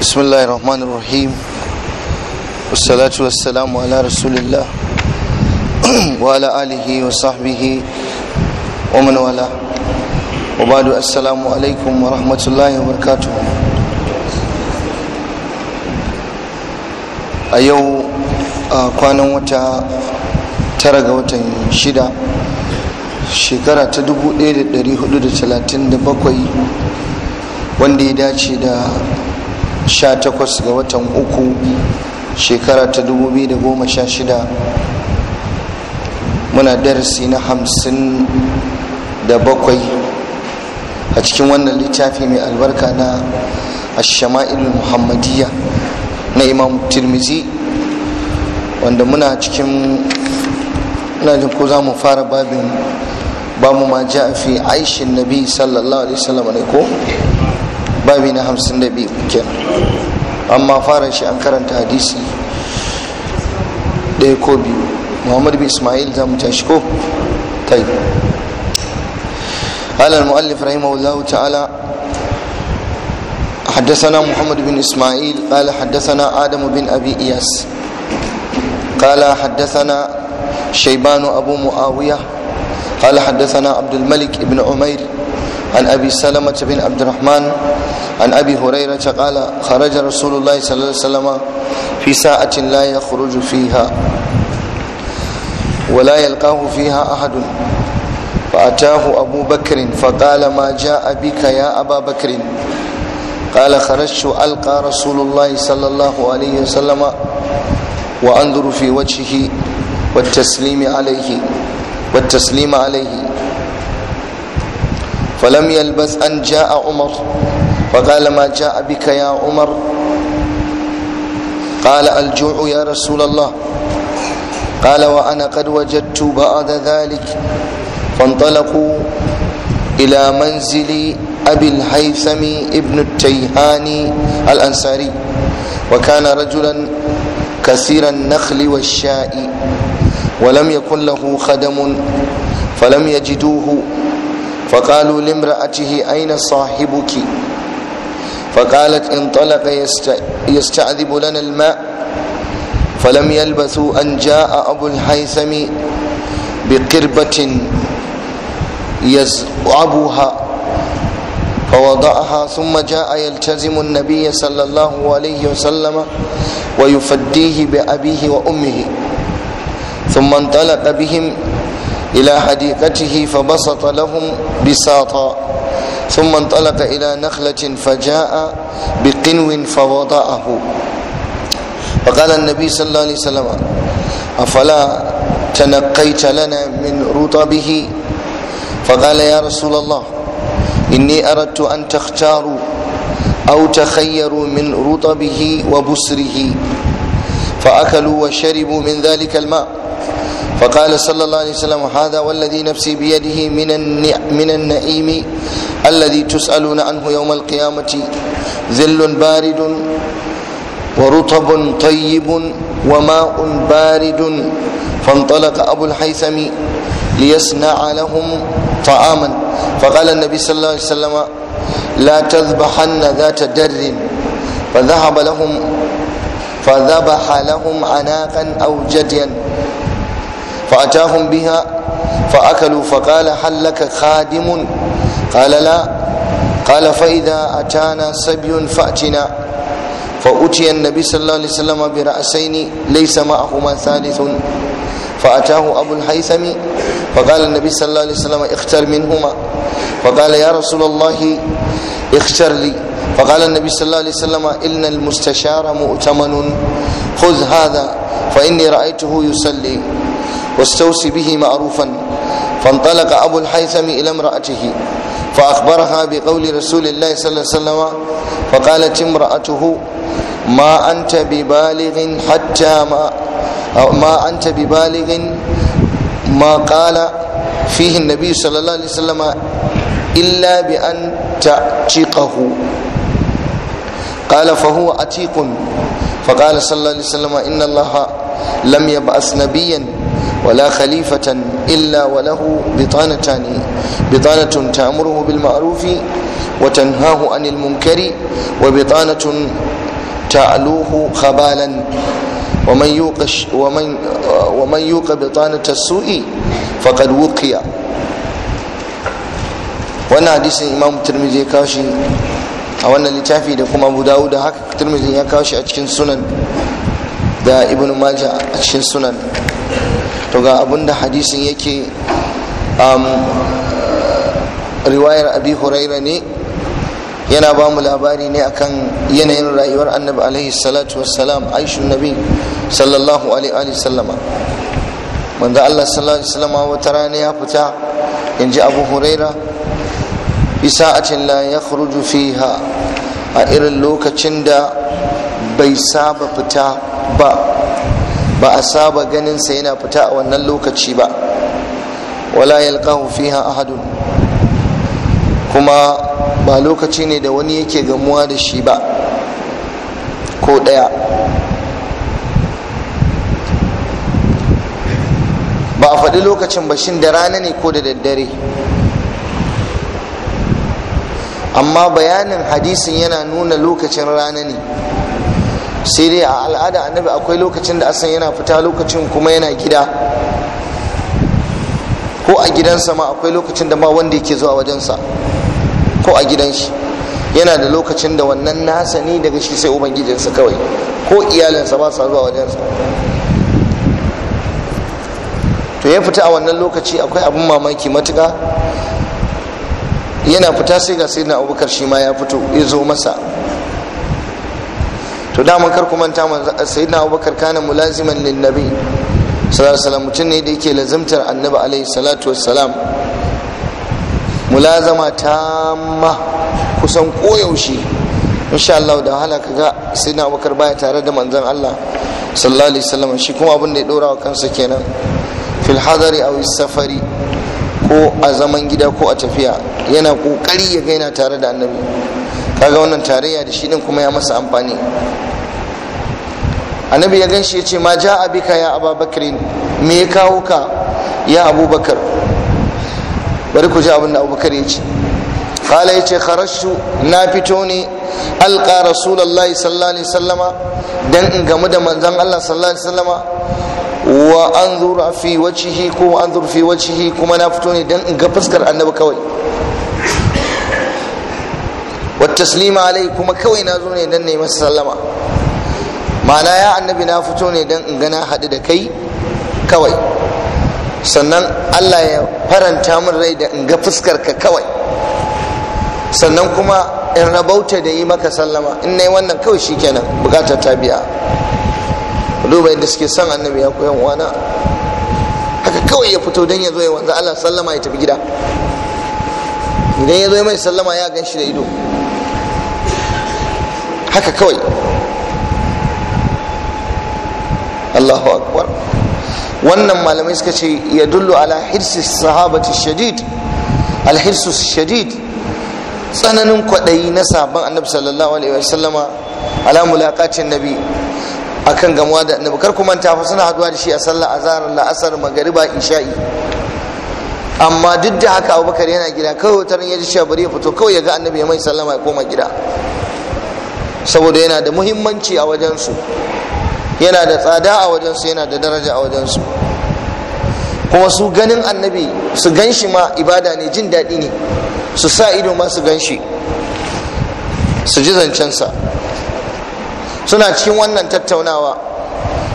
بسم الله الرحمن الرحيم والصلاة والسلام على رسول الله وعلى آله وصحبه ومن والاه وبعد السلام عليكم ورحمة الله وبركاته a yau a kwanan wata tara ga watan shida shekara ta 1437 wanda ya dace da 18 ga watan uku shekara ta 2016 muna darasi na 57 a cikin wannan littafi mai albarka na ashama'il muhammadiyya na imam tirmizi wanda muna cikin muna jin ko za mu fara babin ba mu ma ja fi aishin nabi sallallahu alaihi wasallam ne ko babi na amma fara shi an karanta hadisi ɗaya ko biyu muhammad bin ismail zamu tashi ko tai alal muallif rahimahullahu ta'ala حدثنا محمد بن اسماعيل قال حدثنا ادم بن ابي اياس قال حدثنا شيبان ابو معاويه قال حدثنا عبد الملك بن عمير عن ابي سلمه بن عبد الرحمن عن أبي هريرة قال خرج رسول الله صلى الله عليه وسلم في ساعة لا يخرج فيها ولا يلقاه فيها أحد فأتاه أبو بكر فقال ما جاء بك يا أبا بكر قال خرجت ألقى رسول الله صلى الله عليه وسلم وأنظر في وجهه والتسليم عليه والتسليم عليه فلم يلبث أن جاء عمر فقال ما جاء بك يا عمر قال الجوع يا رسول الله قال وأنا قد وجدت بعد ذلك فانطلقوا إلى منزل أبي الهيثم ابن التيهاني الأنصاري وكان رجلا كثير النخل والشاء ولم يكن له خدم فلم يجدوه فقالوا لامرأته أين صاحبك؟ فقالت انطلق يستعذب لنا الماء فلم يلبثوا أن جاء أبو الهيثم بقربة يزعبها فوضعها ثم جاء يلتزم النبي صلى الله عليه وسلم ويفديه بأبيه وأمه ثم انطلق بهم إلى حديقته فبسط لهم بساطا ثم انطلق إلى نخلة فجاء بقنو فوضعه فقال النبي صلى الله عليه وسلم أفلا تنقيت لنا من رطبه فقال يا رسول الله إني أردت أن تختاروا أو تخيروا من رطبه وبسره فأكلوا وشربوا من ذلك الماء فقال صلى الله عليه وسلم هذا والذي نفسي بيده من من النعيم الذي تسألون عنه يوم القيامة ذل بارد ورطب طيب وماء بارد فانطلق أبو الحيثم ليصنع لهم طعاما فقال النبي صلى الله عليه وسلم لا تذبحن ذات در فذهب لهم فذبح لهم عناقا أو جديا فأتاهم بها فأكلوا فقال هل لك خادم قال لا قال فإذا أتانا سبي فأتنا فأتي النبي صلى الله عليه وسلم برأسين ليس معهما ثالث فأتاه أبو الهيثم فقال النبي صلى الله عليه وسلم اختر منهما فقال يا رسول الله اختر لي فقال النبي صلى الله عليه وسلم إن المستشار مؤتمن خذ هذا فإني رأيته يصلي واستوصي به معروفا فانطلق أبو الحيثم إلى امرأته فأخبرها بقول رسول الله صلى الله عليه وسلم فقالت امرأته ما أنت ببالغ حتى ما ما أنت ببالغ ما قال فيه النبي صلى الله عليه وسلم إلا بأن تعتقه قال فهو عتيق فقال صلى الله عليه وسلم إن الله لم يبعث نبيا ولا خليفة إلا وله بطانتان بطانة تأمره بالمعروف وتنهاه عن المنكر وبطانة تعلوه خبالا ومن يوق ومن ومن يوق بطانة السوء فقد وقي wannan hadisin imam turmizi ya kawo shi a wannan littafi da kuma abu dawo da haka turmizi ya kawo shi a cikin sunan da ibn majah a cikin sunan to ga abinda hadisin yake um, riwayar abi huraira ne yana ba mu labari ne akan yanayin rayuwar annabi alaihi salatu wassalam aishu nabi sallallahu alaihi sallama manzo Allah sallallahu alaihi sallama wata rana ya fita in ji abu huraira fi sa'atin la yakhruju fiha a irin lokacin da bai saba fita ba ba a saba ganinsa yana fita a wannan lokaci ba wala yalqahu fiha ahadun kuma ba lokaci ne da wani yake gamuwa da shi ba ko ɗaya ba a faɗi lokacin ba shin da rana ne ko da daddare amma bayanin hadisin yana nuna lokacin rana ne sai dai a al'ada annabi akwai lokacin da asan yana fita lokacin kuma yana gida ko a gidansa ma akwai lokacin da ma wanda yake zuwa wajensa ko a gidan shi yana da lokacin da wannan nasa ne daga shi sai ubangijinsa kawai ko iyalinsa ba sa zuwa wajensa to ya fita a wannan lokaci akwai abin mamaki matuka yana fita sai ga na abubakar shi ma ya fito ya zo masa to daman kar ku manta sayyidina abubakar kana mulaziman lin nabi sallallahu alaihi wasallam mutum ne da yake lazimtar annabi alaihi salatu wassalam mulazama tamma kusan koyaushe insha Allah da wahala kaga sayyidina abubakar baya tare da manzon Allah sallallahu alaihi wasallam shi kuma abin da ya dora wa kansa kenan fil hadari aw safari ko a zaman gida ko a tafiya yana kokari ya ga yana tare da annabi kaga wannan tarayya da shi din kuma ya masa amfani annabi ya ganshi ya ce ma ja abika ya ababakar me ya kawo ka ya abubakar bari ku ji abin da abubakar ya ce kala ya ce kharashu na fito ne alka rasulallah sallallahu alaihi sallama dan in gamu da manzan allah sallallahu alaihi sallama wa an zura fi wacihi ko an zura fi wacihi kuma na fito ne dan in ga fuskar annabi kawai wa taslima alai kuma kawai na zo ne don ne masa sallama ma'ana ya annabi na fito ne don in gana haɗu da kai kawai sannan Allah ya faranta min rai da in ga fuskar ka kawai sannan kuma in rabauta da yi maka sallama in yi wannan kawai shi kenan bukatar ta biya duba yadda suke son annabi ya koyan wana haka kawai ya fito don ya zo ya wanzu Allah sallama ya tafi gida idan ya zo mai sallama ya gan shi da ido haka kawai Allahu akbar wannan malamai suka ce ya dullu ala hirsi sahabati shadid alhirsu shadid tsananin kwaɗayi na sabon annabi sallallahu alaihi wa sallama, ala mulaqatin nabi akan gamuwa da annabi kar kuma ta suna haduwa da shi a sallah azhar la'asar magariba isha'i amma duk da haka abubakar yana gida kawai wutar ya ji cewa bari ya fito kawai ya ga annabi ya mai sallama ya koma gida saboda yana da muhimmanci a wajensu yana da tsada a wajensu yana da daraja a wajensu kuma su ganin annabi su gan shi ma ibada ne jin daɗi ne su sa ido ma su gan shi su ji zancensa suna cikin wannan tattaunawa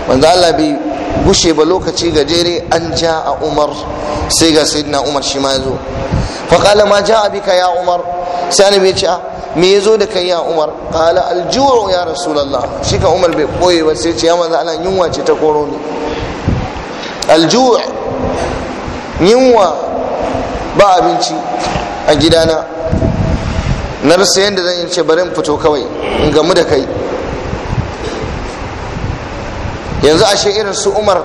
wanda Allah bai gushe ba lokaci gajere an ja a umar sai ga sayyidina umar shi ma ya zo faƙala ma ja a bika ya umar sai annabi ya ce ah, me yazo da kai ya umar qala aljuwa ya rasulullah shi ka umar bai boye ba sai ce ya manzo Allah yunwa ce ta koro ni aljuwa yunwa ba abinci a gidana na rasa yadda zan yi ce bari in fito kawai in gamu da kai yanzu ashe irin su umar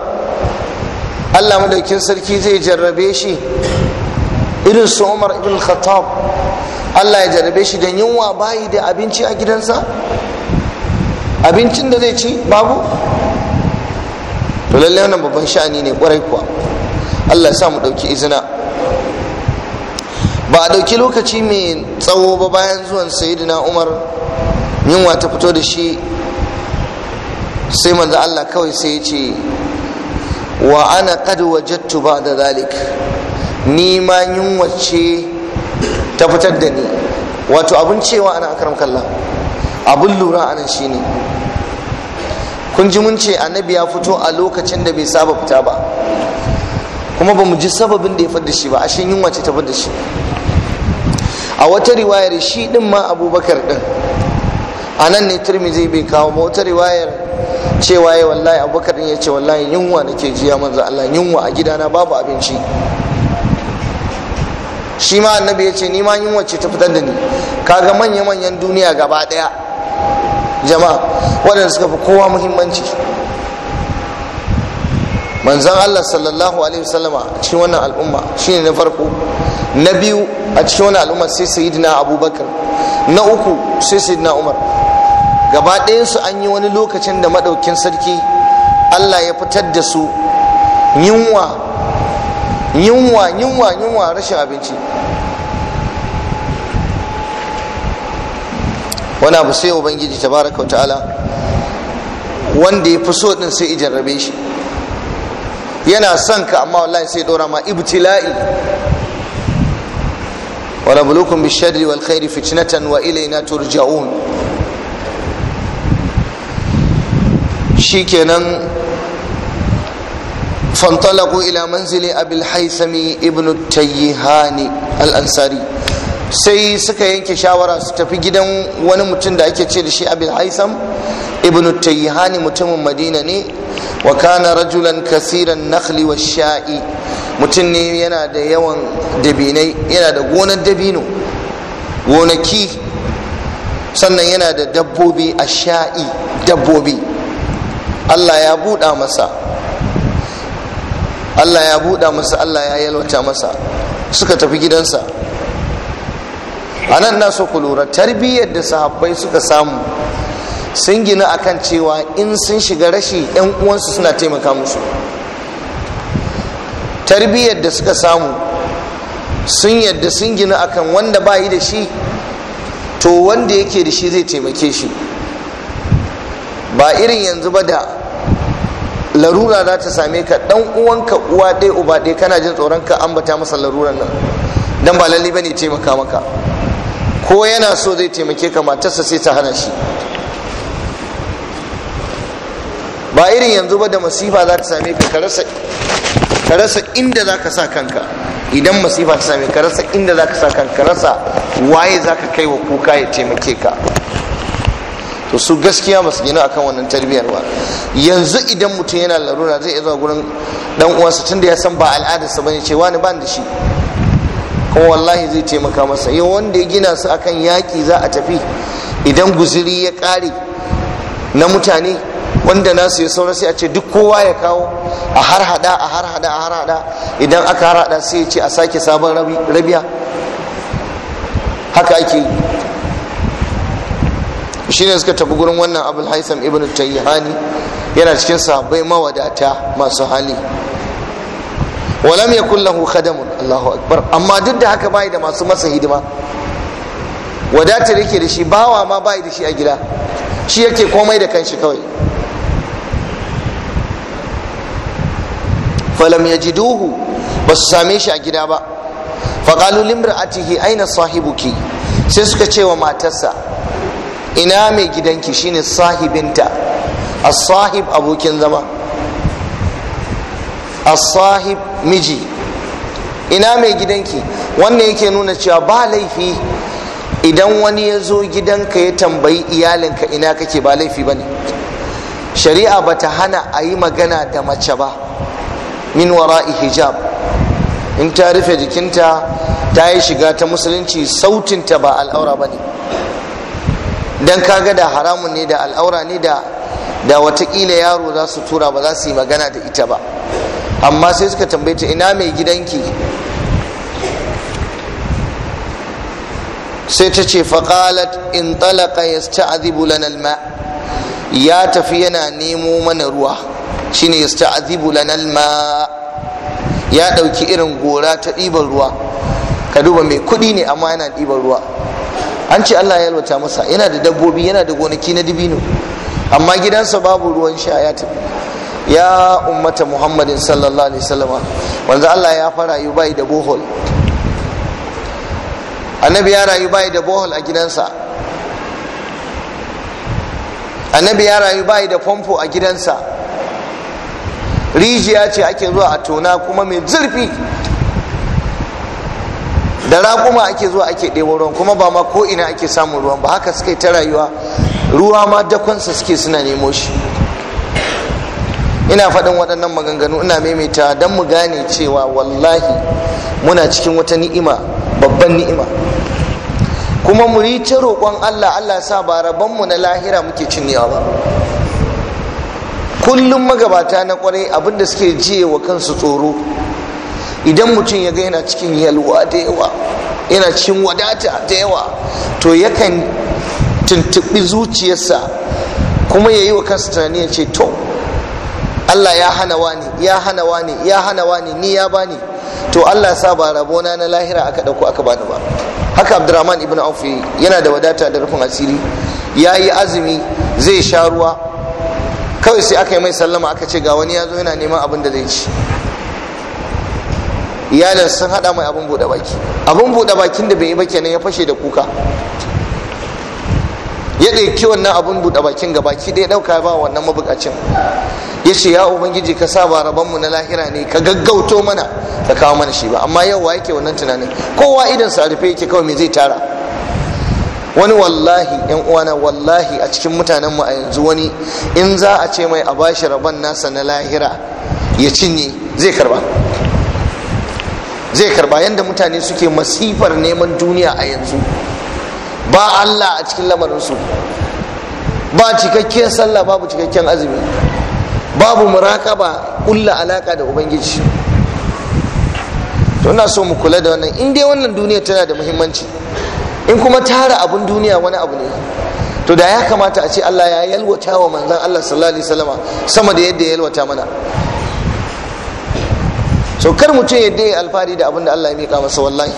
allah madaukin sarki zai jarrabe shi irin su umar ibn khattab Allah ya jarabe shi da yunwa bayi da abinci a gidansa abincin da zai ci babu to lallai wannan babban sha'ani ne kwarai kuwa Allah ya sa mu ɗauki izina ba a ɗauki lokaci mai tsawo ba bayan zuwan na umar yunwa ta fito da shi sai manzo Allah kawai sai ya ce wa ana qad ba da zalik ni ma yunwa ce ta fitar da ni wato abun cewa ana akaram kalla, abun lura anan shine kun ji mun ce annabi ya fito a lokacin da bai saba fita ba kuma ba mu ji sababin da ya fadda shi ba ashe yunwa ce ta fadda shi a wata riwayar shi din ma abubakar din a nan ne tirmizi bai kawo ba wata riwayar cewa ya wallahi abubakar din ya ce wallahi yunwa nake jiya manzo Allah yunwa a gidana babu abinci shi ma annabi ya ce nima yin wacce ta fitar da ni kaga manya-manyan duniya gaba daya jama'a waɗanda suka fi kowa muhimmanci manzan allah sallallahu alaihi wasallama a cikin wannan al'umma shine na farko na biyu a cikin wannan al'umma sai sayyidina abubakar na uku sai sayyidina umar gaba su an yi wani lokacin da maɗaukin sarki allah ya fitar da su yunwa yunwa yunwa yunwa rashin abinci wani abu sai ubangiji tabaraka wa ta'ala wanda ya fi so din sai ijarrabe shi yana son ka amma wallahi sai dora ma ibtila'i wa nabluukum bish-sharri wal khairi fitnatan wa ilayna turja'un shikenan فانطلقوا إلى منزل أبي الحيثم ابن التيهاني الأنصاري sai suka yanke shawara su tafi gidan wani mutum da ake ce da shi abil haisam ibn tayyihani mutumin madina ne wa kana rajulan kasiran nakhli wa sha'i mutum ne yana da yawan dabinai yana da gonar dabino gonaki sannan yana da dabbobi a sha'i dabbobi allah ya buɗa masa Allah ya buɗa masa Allah ya yalwata masa suka tafi gidansa anan nan na so ku lura tarbiyyar da sahabbai suka samu sun gina akan cewa in sun shiga rashi yan uwansu suna taimaka musu tarbiyyar da suka samu sun yadda sun gina akan wanda ba yi da shi to wanda yake da shi zai taimake shi ba irin yanzu ba da larura za ta same ka dan uwanka uwa ɗaya uba ɗaya kana jin tsoron ka ambata masa laruran nan dan ba lalle bane taimaka maka ko yana so zai taimake ka matarsa sai ta hana shi ba irin yanzu ba da masifa za ta same ka ka rasa inda za ka sa kanka idan masifa ta same ka rasa inda za ka sa kanka rasa waye za ka kai wa kuka ya taimake ka to su gaskiya ba su gina akan wannan tarbiyyar ba yanzu idan mutum yana larura zai iya zuwa gurin dan uwansa tunda ya san ba al'adarsa bane ce wani ban da shi Ko wallahi zai taimaka masa yau wanda ya gina su akan yaki za a tafi idan guziri ya kare na mutane wanda nasu ya saura sai a ce duk kowa ya kawo a har hada a har hada a har hada idan aka har hada sai ya ce a sake sabon rabiya haka ake yi shine suka tafi gurin wannan abul haisam ibn tayyani yana cikin sahabbai mawadata masu hali walam yakul lahu khadamun Allahu akbar amma duk da haka bai da masu masa hidima wadatar yake da shi bawa ma bai da shi a gida shi yake komai da kanshi kawai falam yajiduhu ba su same shi a gida ba faqalu limra'atihi aina sahibuki sai suka ce wa matarsa ina mai gidanki shine sahibinta a sahib abokin zama a sahib miji ina mai gidanki wanda yake nuna cewa ba laifi idan wani ya zo gidanka ya tambayi iyalinka ina kake ba laifi ba ne shari'a ba ta hana a yi magana da mace ba min wara'i hijab in ta rufe jikinta ta yi shiga ta musulunci sautinta ba al'aura ba ne dan kaga da haramun ne da al'aura ne da da watakila yaro za su tura ba za su yi magana da ita ba amma sai suka tambaye ta ina mai gidanki sai ta ce faƙalat in talaka ya sta'azibu lanal ma ya tafi yana nemo mana ruwa shine ya sta'azibu lanal ma ya ɗauki irin gora ta ɗiban ruwa ka duba mai kuɗi ne amma yana ɗiban ruwa an ce Allah ya yalwata masa yana da dabbobi yana da gonaki na dibino amma gidansa babu ruwan sha ya tafi ya ummata muhammadin sallallahu alaihi wasallama wanzu Allah ya fara yi bai da bohol annabi ya rayu bai da bohol a gidansa annabi ya rayu bai da famfo a gidansa rijiya ce ake zuwa a tona kuma mai zurfi da raƙuma ake zuwa ake ɗewa ruwan kuma ba ma ko ina ake samun ruwan ba haka suka yi ta rayuwa ruwa ma dakonsa suke suna nemo shi ina faɗin waɗannan maganganu ina maimaita don mu gane cewa wallahi muna cikin wata ni'ima babban ni'ima kuma mu yi ta roƙon Allah Allah sa ba rabonmu na lahira muke cinyewa ba kullum magabata na kwarai abinda suke jiye wa kansu tsoro idan mutum ya ga yana cikin yalwa da yawa yana cikin wadata da yawa to yakan tuntuɓi zuciyarsa kuma ya yi wa kansa tunani ya ce to Allah ya hana wani ya hana wani ya hana wani ni ya bani to Allah sa ba rabona na lahira aka dauko aka bani ba haka Abdurrahman ibn Auf yana da wadata da rufin asiri ya yi azumi zai sha ruwa kawai sai aka yi mai sallama aka ce ga wani ya zo yana neman abin da zai ci iyalin sun haɗa mai abin bude baki abin bude bakin da bai yi ba kenan ya fashe da kuka ya ɗauki wannan abin bude bakin ga baki ɗaya ɗauka ba wannan mabukacin ya ce ya ubangiji ka sa ba mu na lahira ne ka gaggauto mana ka kawo mana shi ba amma yau wa yake wannan tunanin kowa idan sa rufe yake kawai me zai tara wani wallahi yan uwana wallahi a cikin mutanen mu a yanzu wani in za a ce mai a bashi rabon nasa na lahira ya cinye zai karba zai karba yadda mutane suke masifar neman duniya a yanzu ba Allah a cikin lamarinsu ba cikakken sallah babu cikakken azumi babu muraƙaba ƙulla alaƙa da ubangiji to ina so mu kula da wannan in dai wannan duniya tana da muhimmanci in kuma tara abun duniya wani abu ne to da ya kamata a ce Allah ya yalwata wa manzon Allah sallallahu alaihi wasallama sama da yadda ya yalwata mana so kar mutum ya alfari alfahari da abin da Allah ya mika masa wallahi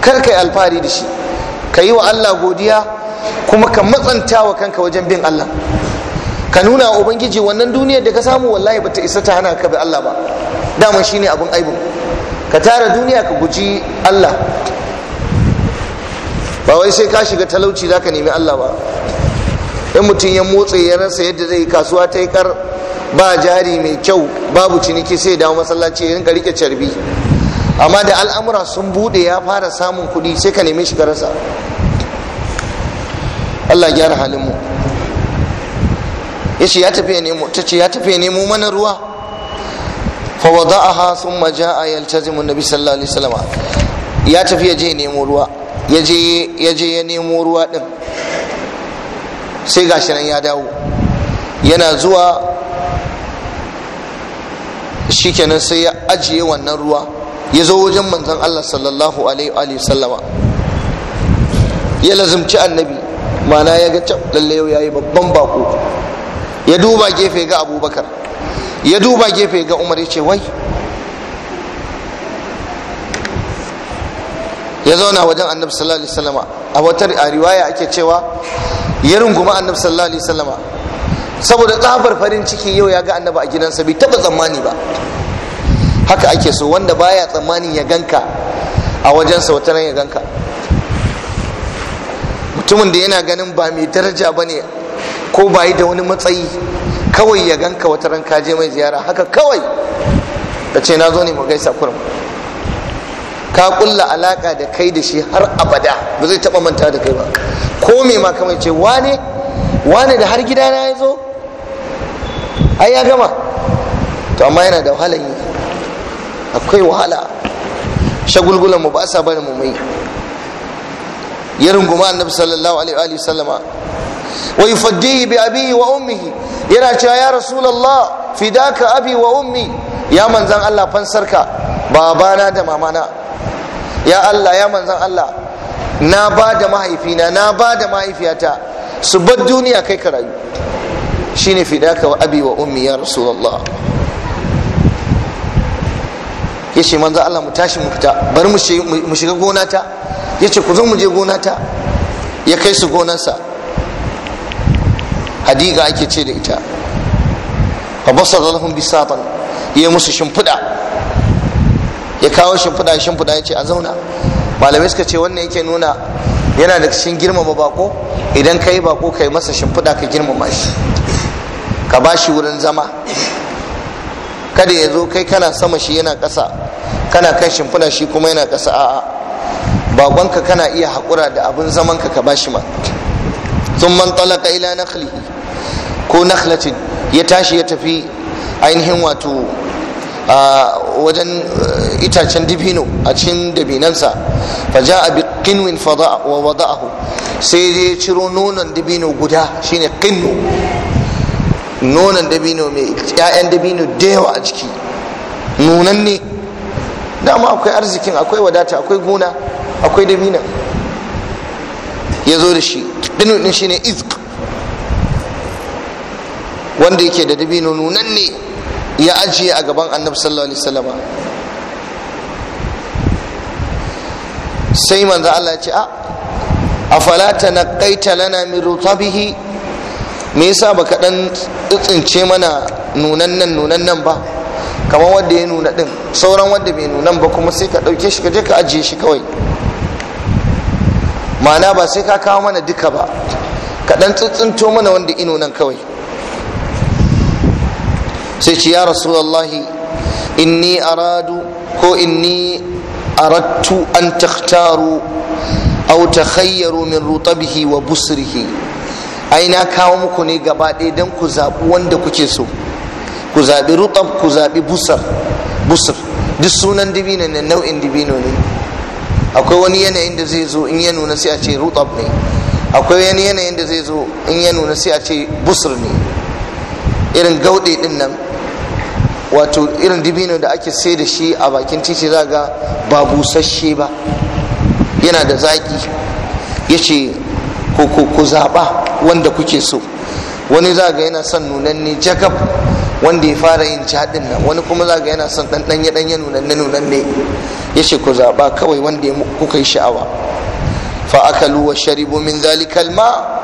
kar kai alfahari da shi ka yi wa Allah godiya kuma ka matsanta wa kanka wajen bin Allah ka nuna wa ubangiji wannan duniyar da ka samu wallahi bata isa ta hana ka bi Allah ba shi ne abin aibin ka tara duniya ka guji Allah ba wai sai ka shiga talauci za ka nemi Allah ba in mutum ya motsa ya rasa yadda zai kasuwa ta yi kar ba jari mai kyau babu ciniki sai dawo masallaci ya rinka rike carbi amma da al'amura sun bude ya fara samun kuɗi sai ka neme shi ka rasa Allah gyara halin mu yace ya tafi nemo tace ya tafi nemo mana ruwa fa wada'aha thumma ja'a yaltazimu nabi sallallahu alaihi wasallam ya tafi ya je nemo ruwa ya je ya je ya nemo ruwa din sai gashi nan ya dawo yana zuwa shikenan sai ya ajiye wannan ruwa ya zo wajen manzan Allah sallallahu alaihi sallama ya lazumci annabi mana ya ga can lalle yau yayi babban bako ya duba gefe ga abubakar ya duba gefe ga umar ya ce wai ya zauna wajen annabi sallallahu alaihi wa sallama a wata riwaya ake cewa ya runguma annabi sallallahu alaihi wa sallama saboda tsabar farin ciki yau ya ga annaba a gidansa bai taba tsammani ba haka ake so wanda baya tsammani ya ganka a wajensa wata ya ganka mutumin da yana ganin ba mai daraja bane ko ba yi da wani matsayi kawai ya ganka wata ran ka je mai ziyara haka kawai da ce na zo ne mu gaisa kurum ka kulla alaka da kai da shi har abada ba zai taba manta da kai ba ko me ma kamar ce wane wane da har gidana ya zo ai ya gama to amma yana da wahalar yi akwai wahala shagulgulan mu ba sa bari mu mai ya runguma annabi sallallahu alaihi wa sallama wa yufaddihi bi abihi wa ummihi yana cewa ya rasulullah fidaka abi wa ummi ya manzan Allah fansarka babana da mamana ya Allah ya manzan Allah na ba da mahaifina na ba da mahaifiyata su bar duniya kai ka rayu shine fidaka wa abi wa ummi ya rasulullah yace manzo Allah mu tashi mu fita bari mu shiga gonata yace ku zo mu je gonata ya kai su gonarsa hadiga ake ce da ita fa basara lahum bisatan ya musu shimfida ya kawo shimfida shimfida yace a zauna malamai suka ce wannan yake nuna yana da cikin girmama bako idan kai bako kai masa shimfida ka girmama shi ka ba shi wurin zama kada ya zo kai kana sama shi yana ƙasa kana kan shimfina shi kuma yana ƙasa a'a baƙonka kana iya haƙura da abin zamanka ka ba shi ma sun man talaka ila nakhlihi ko nakhlatin ya tashi ya tafi ainihin wato a wajen eh, itacen dibino a cikin dabinansa fa a bi kinwin fada wa wada'ahu sai ya ciro nonon dibino guda shine kinno nonon dabino mai 'ya'yan dabino da yawa a ciki nunan ne dama akwai arzikin akwai wadata akwai gona akwai dabina ya zo da shi dinu din shi ne izk wanda yake da dabino nunan ne ya ajiye a gaban annabi sallallahu alaihi wasallam sai manzo Allah ya ce a afala tanaqaita lana min rutabihi me yasa baka dan tsintsince mana nunan nan nunan nan ba kamar wanda ya nuna din sauran wanda bai nunan ba kuma sai ka dauke shi ka je ka ajiye shi kawai ma'ana ba sai ka kawo mana duka ba ka dan tsintsinto mana wanda ino nan kawai sai ce ya rasulullahi inni aradu ko inni aradtu an takhtaru aw takhayyaru min rutabihi wa busrihi ai na kawo muku ne gaba ɗaya don ku zaɓi wanda kuke so ku zaɓi rutab ku zaɓi busar busar duk sunan dibino ne nau'in dibino ne akwai wani yanayin da zai zo in ya nuna sai a ce rutab ne akwai wani yanayin da zai zo in ya nuna sai a ce busur ne irin gauɗe ɗin nan wato irin dibino da ake sai da shi a bakin titi za ga ba busasshe ba yana da zaƙi ya ce ko ko ku zaɓa wanda kuke so wani za ga yana son nunanne jagab wanda ya fara yin jaɗin nan wani kuma za ga yana son ɗan ɗanye ɗanye nunanne nunanne ya ce ku zaɓa kawai wanda kuka yi sha'awa fa aka luwa sharibu min zalikal ma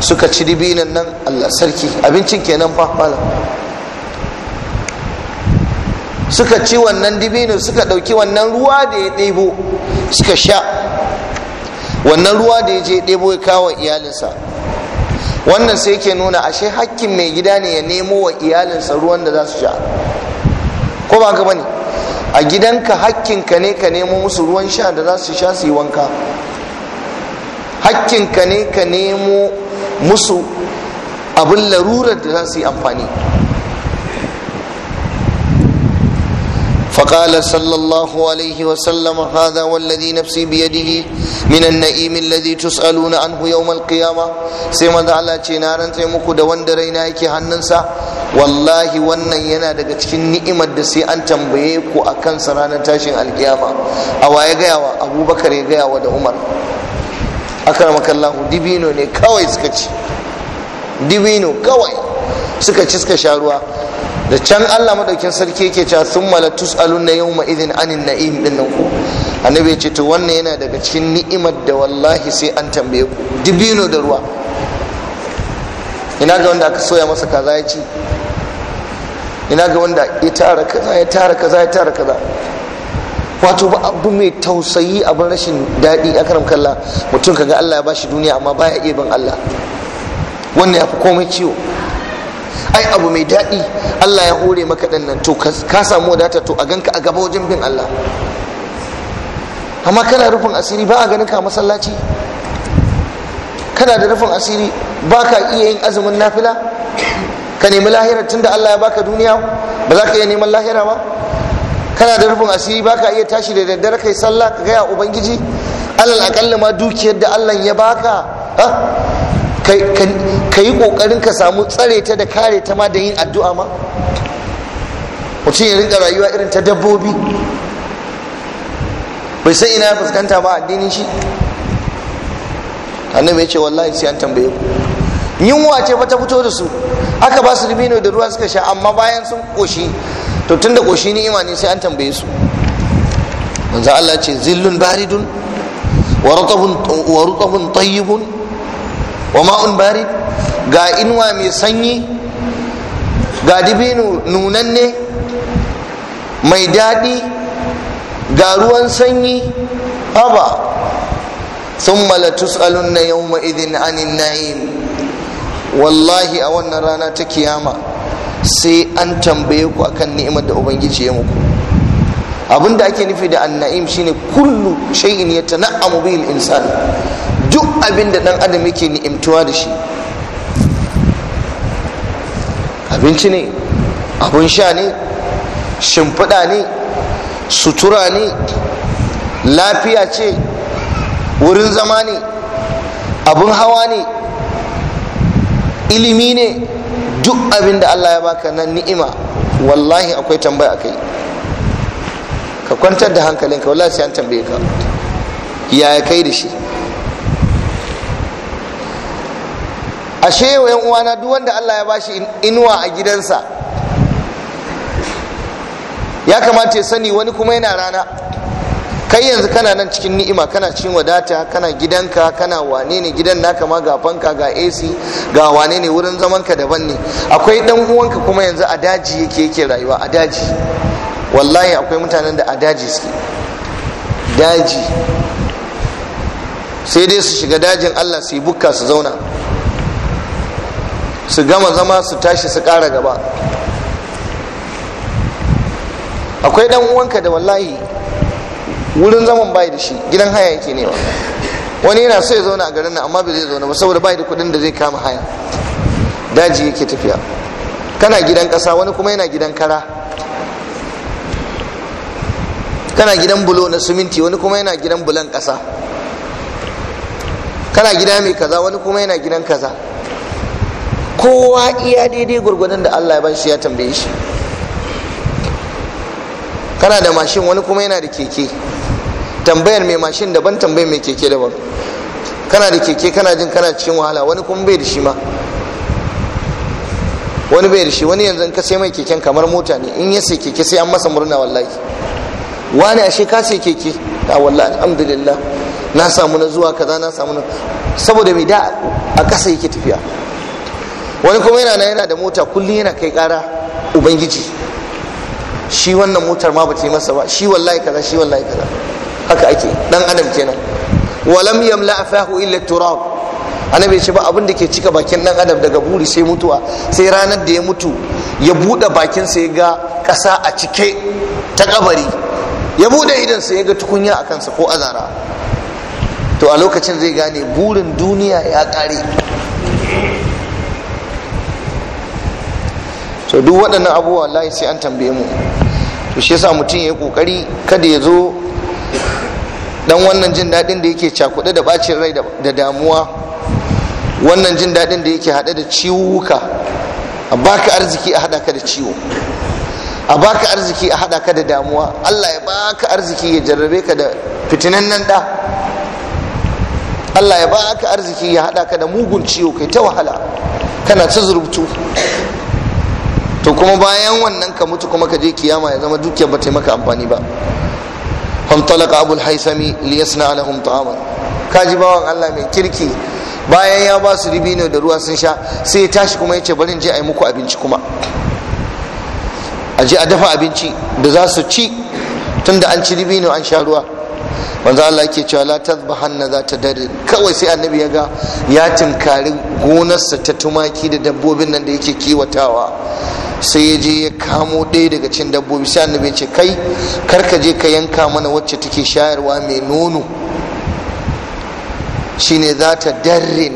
suka ci dibinan nan Allah sarki abincin kenan fa malam suka ci wannan dibinin suka ɗauki wannan ruwa da ya ɗebo suka sha wannan ruwa da ya je ɗebo ya kawo iyalinsa wannan sai ke nuna ashe hakkin mai gida ne ya nemo wa iyalinsa ruwan da za su sha ko ba ka bane a gidanka hakkinka ne ka nemo musu ruwan sha da za su sha su yi wanka hakkinka ne ka nemo musu abin larurar da za su yi amfani فقال صلى الله عليه وسلم هذا والذي نفسي بيده من النعيم الذي تسألون عنه يوم القيامة سيما دعلا تشينارا تيمكو دوان درينا يكي هننسا والله وانا ينا دقا تشكين نئمة دسي أن تنبيكو أكن سرانا تاشين القيامة أو يقيا أبو بكر يقيا ود عمر أكرمك الله دبينو ني كوي سكتش دبينو كوي suka ci suka sha ruwa da can Allah madaukin sarki yake cewa thumma la tusaluna yawma izin anin na'im din nan ku annabi ya ce to wannan yana daga cikin ni'imar da wallahi sai an tambaye ku dibino da ruwa ina ga wanda aka soya masa kaza ya ci ina ga wanda ya tara kaza ya tara kaza ya tara kaza wato ba abu mai tausayi abin rashin daɗi a karam kalla mutum kaga Allah ya bashi duniya amma baya iya bin Allah wannan ya fi komai ciwo ai abu mai daɗi Allah ya hore maka ɗan nan to ka samu wadata to a ganka a gaba wajen bin Allah amma kana rufin asiri ba a ganin ka masallaci kana da rufin asiri ba ka iya yin azumin nafila ka nemi lahira tun da Allah ya baka duniya ba za ka iya neman lahira ba kana da rufin asiri ba ka iya tashi da daddare kai sallah ka gaya ubangiji alal akalla ma dukiyar da Allah ya baka ka yi kokarin ka samu tsare ta da kare ta ma da yin addu'a ma mutum ya rinka rayuwa irin ta dabbobi bai san ina fuskanta ba addinin shi annabi ya ce wallahi sai an tambaye ku yunwa ce fa ta fito da su aka ba su ribino da ruwa suka sha amma bayan sun koshi to tun da koshi ni imani sai an tambaye su manzo Allah ce zillun baridun wa rutabun wa rutabun tayyibun wa ma'un bari? ga inuwa mai sanyi ga dibino nunanne mai daɗi ga ruwan sanyi haba sun malatus'alun na yau ma'idin anin na'im wallahi a wannan rana ta kiyama sai an tambaye ku akan ni'imar da ubangiji ya muku abinda ake nufi da anna'im shine kullu shay'in yata na'amu bil insan duk abin da dan adam yake ni'imtuwa da shi abinci ne abun sha ne shimfiɗa ne sutura ne lafiya ce wurin zama ne abun hawa ne ilimi ne duk abin da allah ya baka nan ni'ima wallahi akwai tambaya a kai ka kwantar da hankalinka wallahi sai an tambaye ka yaya kai da shi ashe yan uwana duk wanda Allah ya bashi inuwa a gidansa ya kamata ya sani wani kuma yana rana kai yanzu kana nan cikin ni'ima kana cikin wadata kana gidanka kana wane ne gidan naka ma ga fanka ga AC ga wane ne wurin zaman ka daban ne akwai dan uwanka kuma yanzu a daji yake yake rayuwa a daji wallahi akwai mutanen da a daji suke daji sai dai su shiga dajin Allah su yi bukka su zauna su gama zama su tashi su ƙara gaba akwai ɗan uwanka da wallahi wurin zaman bai da shi gidan haya yake nema wani yana so ya zauna a garin nan amma bai zai zauna ba saboda bai da kuɗin da zai kama haya daji yake tafiya kana gidan ƙasa wani kuma yana gidan kara kana gidan bulo na siminti wani kuma yana gidan bulan ƙasa kana gida mai kaza wani kuma yana gidan kaza kowa iya daidai gwargwadon da Allah ya ban shi ya tambaye shi kana da mashin wani kuma yana da keke tambayar mai mashin daban tambayar mai keke daban kana da keke kana jin kana cikin wahala wani kuma bai da shi ma wani bai da shi wani yanzu ka sai mai keken kamar mota ne in ya sai keke sai an masa murna wallahi wani ashe ka sai keke a ah, wallahi alhamdulillah na samu na zuwa kaza na samu na saboda mai da a kasa yake tafiya wani kuma yana nan yana da mota kullum yana kai kara ubangiji shi wannan motar ma ba ta yi masa ba shi wallahi kaza shi wallahi kaza haka ake dan adam kenan walam yamla afahu illa turab annabi ce ba abin da ke cika bakin dan adam daga buri sai mutuwa sai ranar da ya mutu ya bude bakin sa ya ga kasa a cike ta kabari ya bude idan sa ya ga tukunya a kansa ko azara to a lokacin zai gane burin duniya ya kare to duk waɗannan abubuwa wallahi sai an tambaye mu to shi yasa mutum ya yi kokari kada ya zo dan wannan jin daɗin da yake cakuɗe da bacin rai da damuwa wannan jin daɗin da yake haɗe da ciwuka a baka arziki a haɗa ka da ciwo a baka arziki a haɗa ka da damuwa allah ya baka arziki ya jarrabe ka da fitinan nan ɗa allah ya baka arziki ya haɗa ka da mugun ciwo kai ta wahala kana ta zurutu to kuma bayan wannan ka mutu kuma ka je kiyama ya zama dukiyar ba ta maka amfani ba famtalaka abul haisami li yasna lahum ta'aman kaji bawan Allah mai kirki bayan ya ba su ribino da ruwa sun sha sai ya tashi kuma ya yace barin je a yi muku abinci kuma a je a dafa abinci da za su ci tunda an ci ribino an sha ruwa wanzu Allah yake cewa la tazbahanna za ta dare kawai sai annabi ya ga ya tinkari gonarsa ta tumaki da dabbobin nan da yake kiwatawa sai ya je ya kamo ɗaya daga cin dabbobi sai annabi ce kai karka je ka yanka mana wacce take shayarwa mai nono shine za ta darrin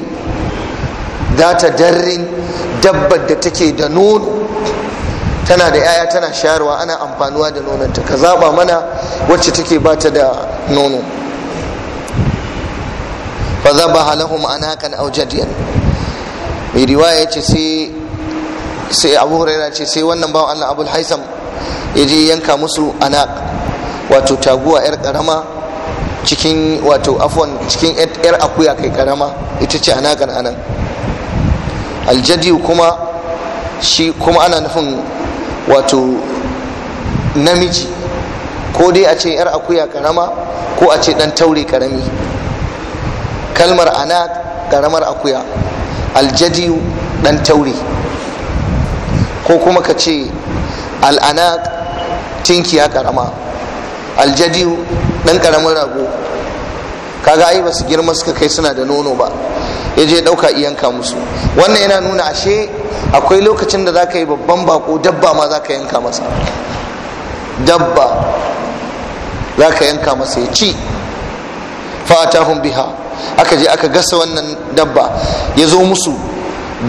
za ta darrin dabbar da take da nono tana da 'ya'ya tana shayarwa ana amfanuwa da nononta ka zaba mana wacce take ta da nono fa zabaha lahum anakan aw jadiyan mai riwaya ce sai sai abu huraira ce sai wannan bawan allah abul haisam ya je yanka musu anak wato taguwa yar karama cikin wato afon cikin yar akuya kai karama ita ce anakan anan aljadi kuma shi kuma ana nufin wato namiji ko dai a ce yar akuya karama ko a ce dan taure karami kalmar anak karamar akuya aljadi dan taure ko kuma ka ce al'ana tinkiya karama aljadiyu dan karamin rago kaga ai ba su girma suka kai suna da nono ba ya je ɗauka iyanka musu wannan yana nuna ashe akwai lokacin da za ka yi babban bako dabba ma za ka yanka masa dabba za ka yanka masa ya ci fatahun biha aka je aka gasa wannan dabba ya zo musu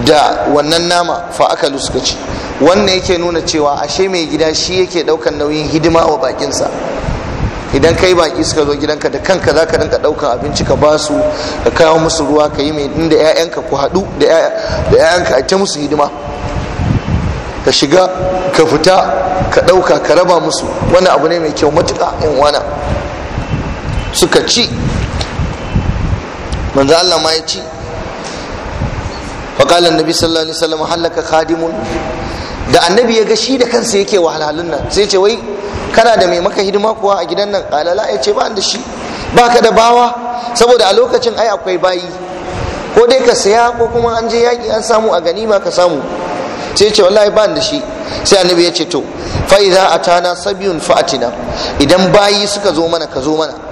da wannan nama fa aka suka ci wannan yake nuna cewa ashe mai gida shi yake daukan nauyin hidima wa bakinsa idan kai baki suka zo gidanka da kanka zaka rinka daukan abinci ka ba su ka kawo musu ruwa ka yi mai inda ƴaƴanka ku haɗu da ƴaƴanka a ta musu hidima ka shiga ka fita ka dauka ka raba musu wani abu ne mai kyau matuƙa in wana suka ci manzo Allah ma ya ci فقال النبي صلى الله عليه وسلم هل da annabi ya ga shi da kansa yake wahalhalun nan sai ce wai kana da mai maka hidima kuwa a gidan nan kalala ya ce ba da shi ba ka da bawa saboda a lokacin ai akwai bayi ko dai ka saya ko kuma an je yaƙi an samu a ganima ka samu sai ce wallahi ba da shi sai annabi ya ce to fa a tana sabiyun fa'atina idan bayi suka zo mana ka zo mana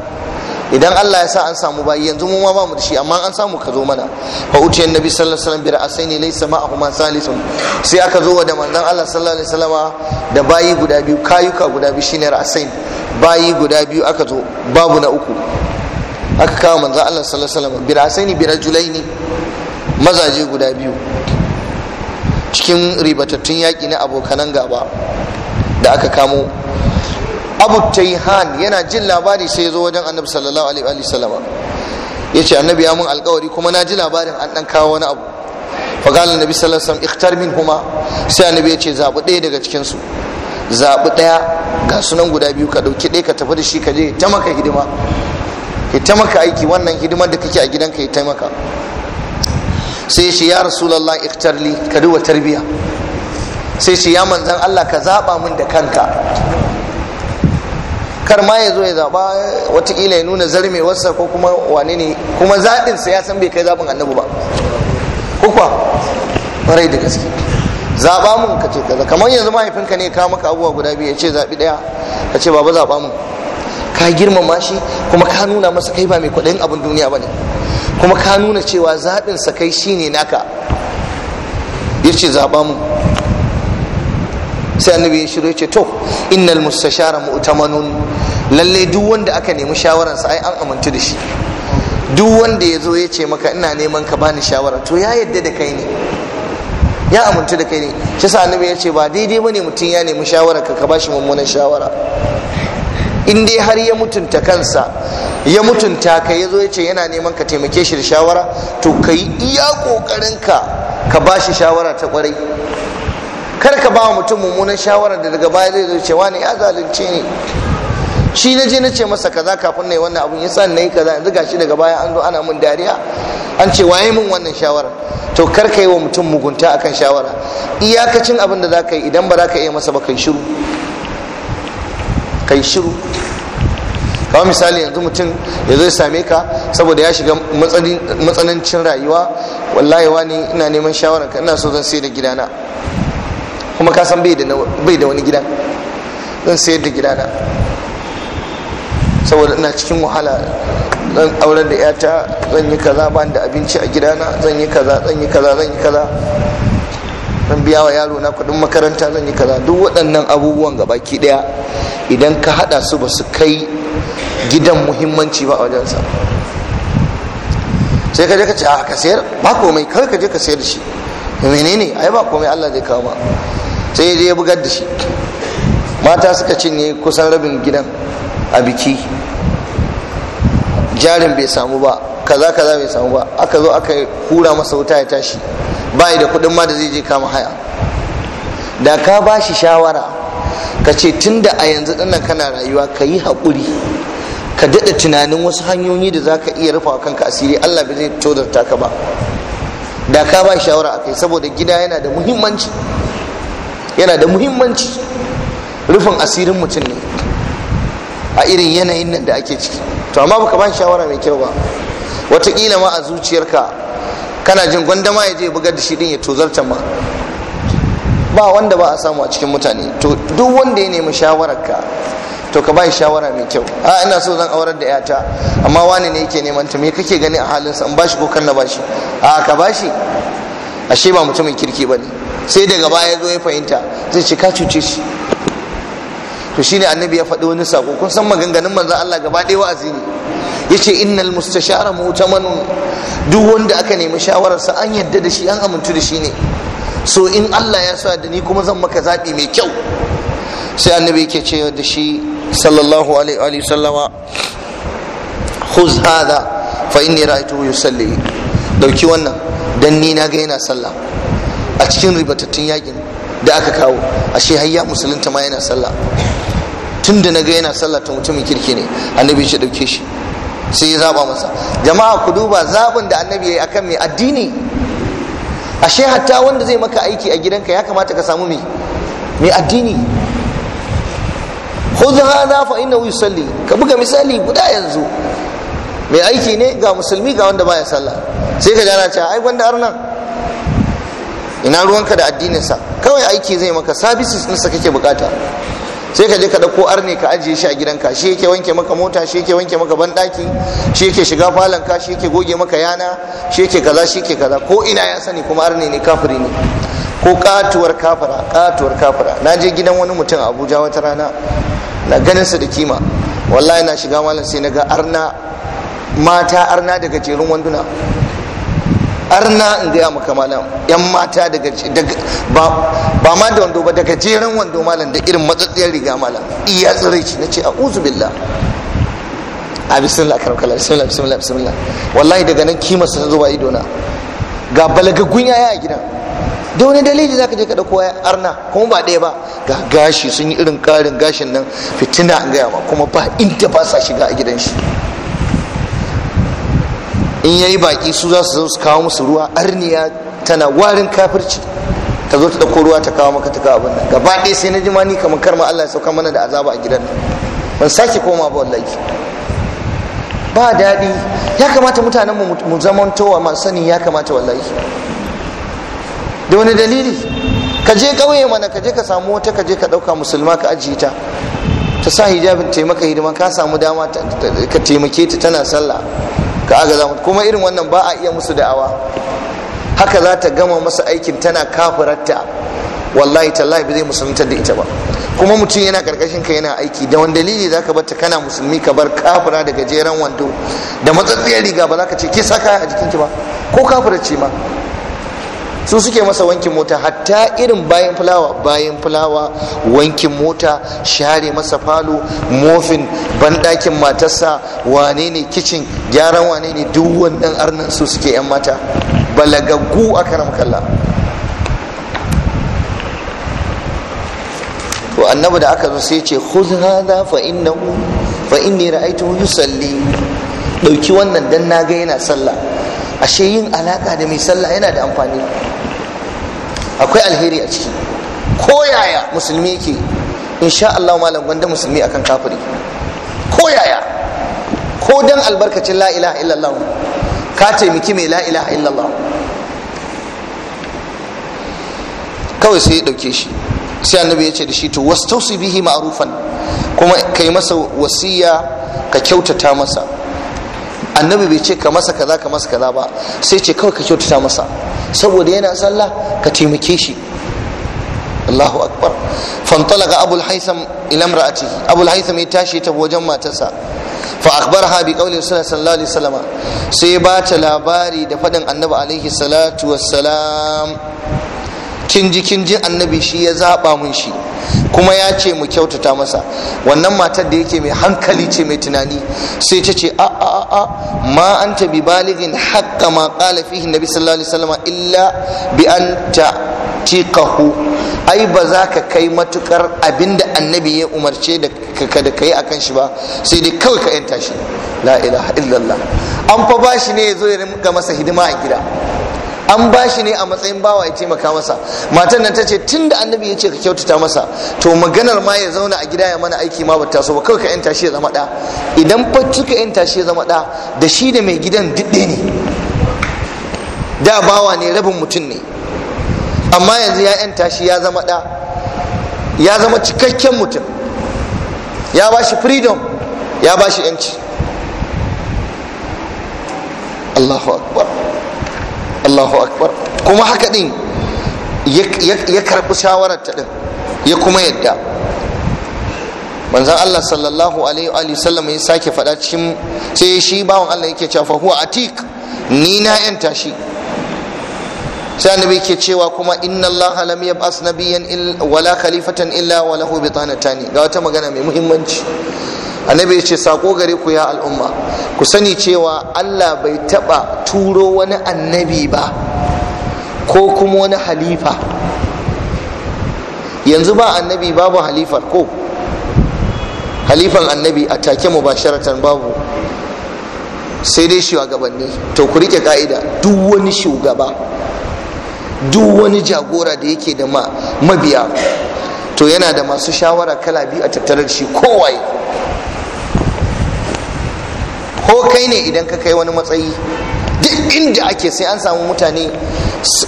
idan Allah ya sa an samu bayi yanzu mu ma bamu da shi amma an samu ka zo mana fa uti annabi sallallahu alaihi wasallam bi ra'sayni laysa ma'ahuma salisun sai aka zo da manzon Allah sallallahu alaihi wasallama da bayi guda biyu kayuka guda biyu shine ra'sain bayi guda biyu aka zo babu na uku aka kawo manzon Allah sallallahu alaihi wasallam bi ra'sayni bi rajulaini mazaje guda biyu cikin ribatattun yaki na abokanan gaba da aka kamo abu taihan yana jin labari sai ya zo wajen annabi sallallahu alaihi wa sallama ya ce annabi ya mun alkawari kuma na ji labarin an dan kawo wani abu fagal annabi sallallahu alaihi wasallam ikhtar min huma sai annabi ya ce zaɓi ɗaya daga cikin su zabi ɗaya ga sunan guda biyu ka dauki ɗaya ka tafi da shi ka je ta maka hidima ya ta maka aiki wannan hidimar da kake a gidanka ya ta maka sai ya ce ya rasulullah ikhtar li ka duba tarbiya sai ya ce ya manzan Allah ka zaba min da kanka kar ma ya zo ya zaba watakila ya nuna wasa ko kuma wane ne kuma zaɓinsa ya san bai kai zaɓin annabi ba ko kuwa farai da gaske zaɓa mun ka ce kaza kamar yanzu mahaifinka ne ka maka abubuwa guda biyu ya ce zaɓi ɗaya ka ce baba zaɓa mun ka girmama shi kuma ka nuna masa kai ba mai kwaɗayin abin duniya ba ne kuma ka nuna cewa sa kai shine naka ya ce zaɓa mun sai annabi ya shiro ya ce to innal mustashara mu'tamanun lalle duk wanda aka nemi shawararsa ai an amintu da shi duk wanda ya zo ya ce maka ina neman ka bani shawara to ya yadda da kai ne ya amintu da kai ne shi sa annabi ya ce ba daidai bane mutum ya nemi shawara ka ka bashi mummunan shawara in dai har ya mutunta kansa ya mutunta ka ya zo ya ce yana neman ka taimake shi da shawara to ka yi iya kokarin ka ka bashi shawara ta kwarai kar ka ba mutum mummunan shawara da daga baya zai zo ce wani ya zalunce ne shi na je na ce masa kaza kafin na yi wannan abun yasa na yi kaza yanzu gashi daga baya an zo ana mun dariya an ce waye min wannan shawara to kar ka yi wa mutum mugunta akan shawara iyakacin abin da za yi idan ba za ka iya masa ba kai shiru kai shiru kawo misali yanzu mutum ya zo ya same ka saboda ya shiga matsanancin rayuwa wallahi wani ina neman shawarar ka ina so zan sayar da gidana kuma ka san bai da wani gidan zan sayar da gidana saboda ina cikin wahala zan aure da yata zan yi kaza ba da abinci a gidana zan yi kaza zan yi kaza zan yi kaza zan biya wa yaro na kudin makaranta zan yi kaza duk waɗannan abubuwan gabaki ɗaya idan ka haɗa su ba su kai gidan muhimmanci ba a wajensa sai ka je ka ce a ka sayar ba komai kar ka je ka sayar da shi menene ai ba komai Allah zai kawo ba sai dai ya bugar da shi mata suka cinye kusan rabin gidan a biki jarin bai samu ba kaza kaza bai samu ba aka zo aka hura masa wuta ya tashi bai da kudin ma da zai je kama haya da ka ba shi shawara ka ce tunda a yanzu dinnan kana rayuwa ka yi haƙuri ka daɗa tunanin wasu hanyoyi da za ka iya rufa kanka asiri allah bai zai tozarta ka ba da ka ba shawara a kai saboda gida yana da muhimmanci yana da muhimmanci rufin asirin mutum ne a irin yanayin nan da ake ciki to amma baka ban shawara mai kyau ba wataƙila ma a zuciyarka kana jin gwandama ya je bugar da shi din ya tozarta ma ba wanda ba a samu a cikin mutane to duk wanda ya nemi shawararka to ka bai shawara mai kyau a ina so zan aurar da yata amma wani ne yake neman ta me kake gani a halin sa in bashi ko kan na bashi a ka bashi ashe ba mutumin kirki bane sai daga baya zo ya fahimta zai ce ka cuce shi to shine annabi ya faɗi wani sako kun san maganganun manzon Allah gaba ɗaya wa'azi ne yace innal mustashara mutamanun duk wanda aka nemi shawarar sa an yadda da shi an amintu da shi ne so in Allah ya sa da ni kuma zan maka zaɓi mai kyau sai annabi yake ce da shi sallallahu alaihi sallama khuz hada fa inni ra'aytuhu yusalli dauki wannan dan ni na ga yana sallah a cikin ribatattun yakin da aka kawo ashe hayya musulunta ma yana sallah tun da na ga yana sallah ta mutumin kirki ne annabi shi dauke shi sai ya zaba masa jama'a ku duba zabin da annabi ya yi akan mai addini ashe hatta wanda zai maka aiki a gidanka ya kamata ka samu mai mai addini khudh hadha fa wuyi salli, ka buga misali guda yanzu mai aiki ne ga musulmi ga wanda baya sallah sai ka gana cewa ai gwanda arnan ina ruwanka da addininsa kawai aiki zai maka services ɗinsa kake bukata sai ka je ka ɗauko arne ka ajiye shi a gidanka shi yake wanke maka mota shi yake wanke maka banɗaki shi yake shiga ka shi yake goge maka yana shi yake kaza shi yake kaza ko ina ya sani kuma arne ne kafiri ne ko katuwar kafara. katuwar kafara. na je gidan wani mutum a abuja wata rana na ganin sa da kima wallahi na shiga malam sai na ga arna mata arna daga jerin wanduna arna in gaya maka malam yan mata daga ba ma da wando ba daga jeren wando malam da irin matsatsiyar riga malam iya tsirai shi na ce a uzu billa a bismillah kala bismillah bismillah bismillah wallahi daga nan kima sun zuba ba na ga balagaggun yaya a gidan da wani dalili zaka je ka dauko ya arna kuma ba ɗaya ba ga gashi sun yi irin karin gashin nan fitina an gaya ma kuma ba inda ba sa shiga a gidan shi in yi baki su za su zo su kawo musu ruwa arniya tana warin kafirci ta zo ta ɗauko ruwa ta kawo maka ta kawo abin nan gaba ɗaya sai na jima ni kamar karma Allah ya sauka mana da azaba a gidan ban sake koma ba wallahi ba daɗi ya kamata mutanen mu zamantowa masu sani ya kamata wallahi da wani dalili ka je ƙauye mana ka je ka samu wata ka je ka ɗauka musulma ka ajiye ta ta sa hijabin taimaka hidima ka samu dama ka taimake ta tana sallah ka agaza kuma irin wannan ba a iya musu da'awa haka za ta gama masa aikin tana kafiratta wallahi tallahi ba zai musuluntar da ita ba kuma mutum yana karkashin ka yana aiki da wani dalili zaka bar ta kana musulmi ka bar kafira da gajeren wando da matsatsiyar riga ba za ka ce ke kaya a jikinki ba ko kafira ce ma su suke masa wankin mota hatta irin bayan fulawa bayan fulawa wankin mota share masa falo mofin banɗakin matarsa wane ne kicin gyaran wane ne duk wannan arnan su suke yan mata balagaggu a karam kalla to annabi da aka zo sai ce khudh hadha fa innahu fa inni ra'aytuhu yusalli dauki wannan dan naga yana sallah ashe yin alaka da mai sallah yana da amfani akwai alheri a ciki ko yaya musulmi yake insha Allah malam gwanda musulmi akan kafiri ko yaya ko dan albarkacin la ilaha illallah ka taimaki mai la ilaha illallah kawai sai ya dauke shi sai annabi ya ce da shi to wastausi bihi ma'rufan kuma kai masa wasiya ka kyautata masa annabi bai ce ka masa kaza ka masa kaza ba sai ce kawai ka kyautata masa saboda yana sallah ka taimake shi Allahu akbar fantalaga abul haisam ila imra'atihi abul haisam ya tashi ta wajen matarsa fa akhbaraha bi qawli sallallahu alaihi wasallam sai ba ta labari da fadin annabi alaihi salatu wassalam kin ji annabi shi ya zaɓa mun shi kuma ya ce mu kyautata masa wannan matar da yake mai hankali ce mai tunani sai ta ce a a a ma anta bi balighin haqqa ma qala fihi nabi sallallahu alaihi wasallam illa bi an ta'tiqahu ai ba za ka kai matukar abinda annabi ya umarce da ka da kai akan shi ba sai dai kawai ka yanta shi la ilaha illallah an fa bashi ne ya zo ya rinka masa hidima a gida an ba shi ne a matsayin bawa ya taimaka masa matan nan ta ce tun da annabi ya ce ka kyautata masa to maganar ma ya zauna a gida ya mana aiki ma bata so ba kawai ka yanta shi ya zama ɗa idan fa kika yanta shi ya zama ɗa da shi da mai gidan didde ne da bawa ne rabin mutum ne amma yanzu ya yanta shi ya zama ɗa ya zama cikakken mutum ya ba shi freedom ya ba shi yanci Allahu Akbar Allahu akbar kuma haka din ya karɓi shawarar ta din ya kuma yadda manzon Allah sallallahu alaihi wa sallam ya sake faɗa cikin sai shi bawan Allah yake cewa huwa atik ni na yanta shi sai annabi yake cewa kuma inna Allah lam yab'as nabiyyan wala khalifatan illa wa lahu bitanatani ga wata magana mai muhimmanci annabi ya ce sako gare ku ya al'umma ku sani cewa Allah bai taɓa turo wani annabi ba ko kuma wani halifa yanzu ba annabi babu halifar ko halifan annabi a take mu ba sharatan babu sai dai shugabanni to ku rike ka'ida duk wani shugaba duk wani jagora da yake da mabiya to yana da masu shawara kala biyu a tattare shi kowai. ko kai ne idan ka kai wani matsayi duk inda ake sai an samu mutane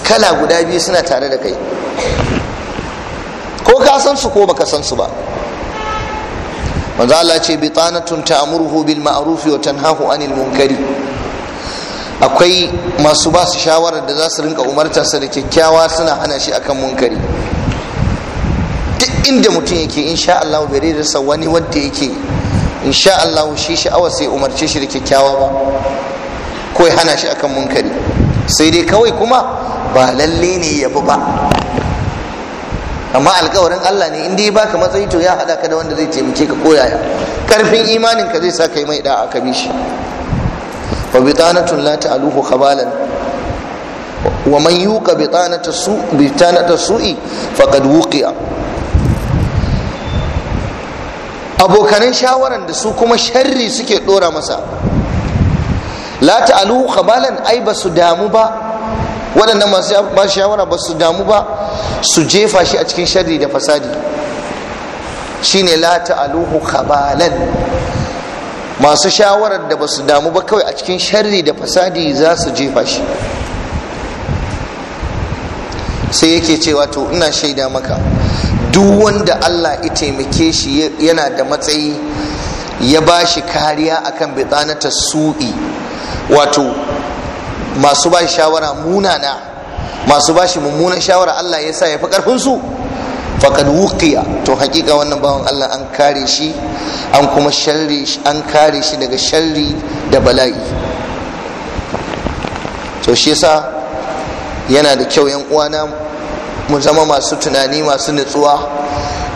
kala guda biyu suna tare da kai ko ka san su ko baka san su ba manzo Allah ce bitanatun ta'muruhu bil ma'ruf wa tanhahu anil munkari akwai masu ba su shawarar da za su rinka sa da kyakkyawa suna hana shi akan munkari duk inda mutum yake insha Allah bai sa wani wanda yake insha Allah shi sha'awa sai umarce shi da kyakkyawa ba ko ya hana shi akan munkari sai dai kawai kuma ba lalle ne ya bi ba amma alkawarin Allah ne inda ya baka matsayi to ya hada ka da wanda zai taimake ka koyaya karfin imanin ka zai sa kai mai da'a ka bi shi bitanatun la ta'aluhu khabalan wa man yuqa bitanata su'i faqad abokanin shawaran da su kuma sharri suke dora masa la ta'alu khabalan ai ba su damu ba waɗannan masu ba shawara ba su damu ba su jefa shi a cikin sharri da fasadi shine la ta'aluhu khabalan masu shawarar da ba su damu ba kawai a cikin sharri da fasadi za su jefa shi sai yake cewa to ina shaida maka duk wanda Allah ya taimake shi yana da matsayi ya ba shi kariya akan bitanata su'i wato masu ba shi shawara munana masu ba shi mummunan shawara Allah ya sa ya fi karfinsu faƙad wuqiya to hakika wannan bawan Allah an kare shi an kuma sharri an kare shi daga sharri da bala'i to shi yasa yana da kyau yan uwana mu zama masu tunani masu nutsuwa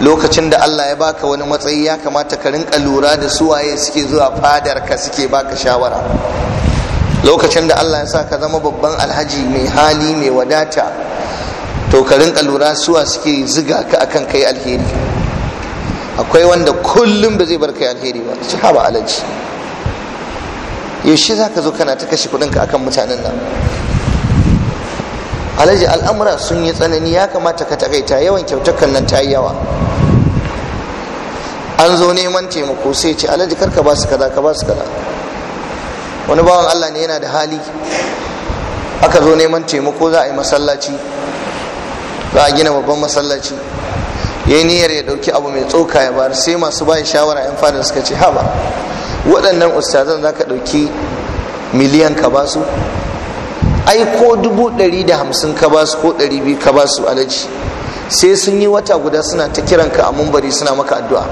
lokacin da Allah ya baka wani matsayi ya kamata ka rinka lura da suwaye suke zuwa fadar ka suke baka shawara lokacin da Allah ya sa ka zama babban alhaji mai hali mai wadata to ka rinka lura suwa suke ziga ka akan kai alheri akwai wanda kullum ba zai bar kai alheri ba su haba alaji yaushe za ka zo kana ta kashe kudinka akan mutanen nan alhaji al'amura sun yi tsanani ya kamata ka takaita yawan kyautakan nan ta yi yawa an zo neman taimako sai ce alhaji karka ba su kaza ka ba su kaza wani bawan allah ne yana da hali aka zo neman taimako za a yi masallaci za a gina babban masallaci ya yi niyyar ya dauki abu mai tsoka ya bar sai masu bayan shawara yan fada suka ce haba waɗannan ustazan za ka ɗauki miliyan ka basu ai ko dubu ɗari da hamsin ka ba su ko ɗari biyu ka ba su alaji sai sun yi wata guda suna ta kiran ka a mumbari suna maka addu'a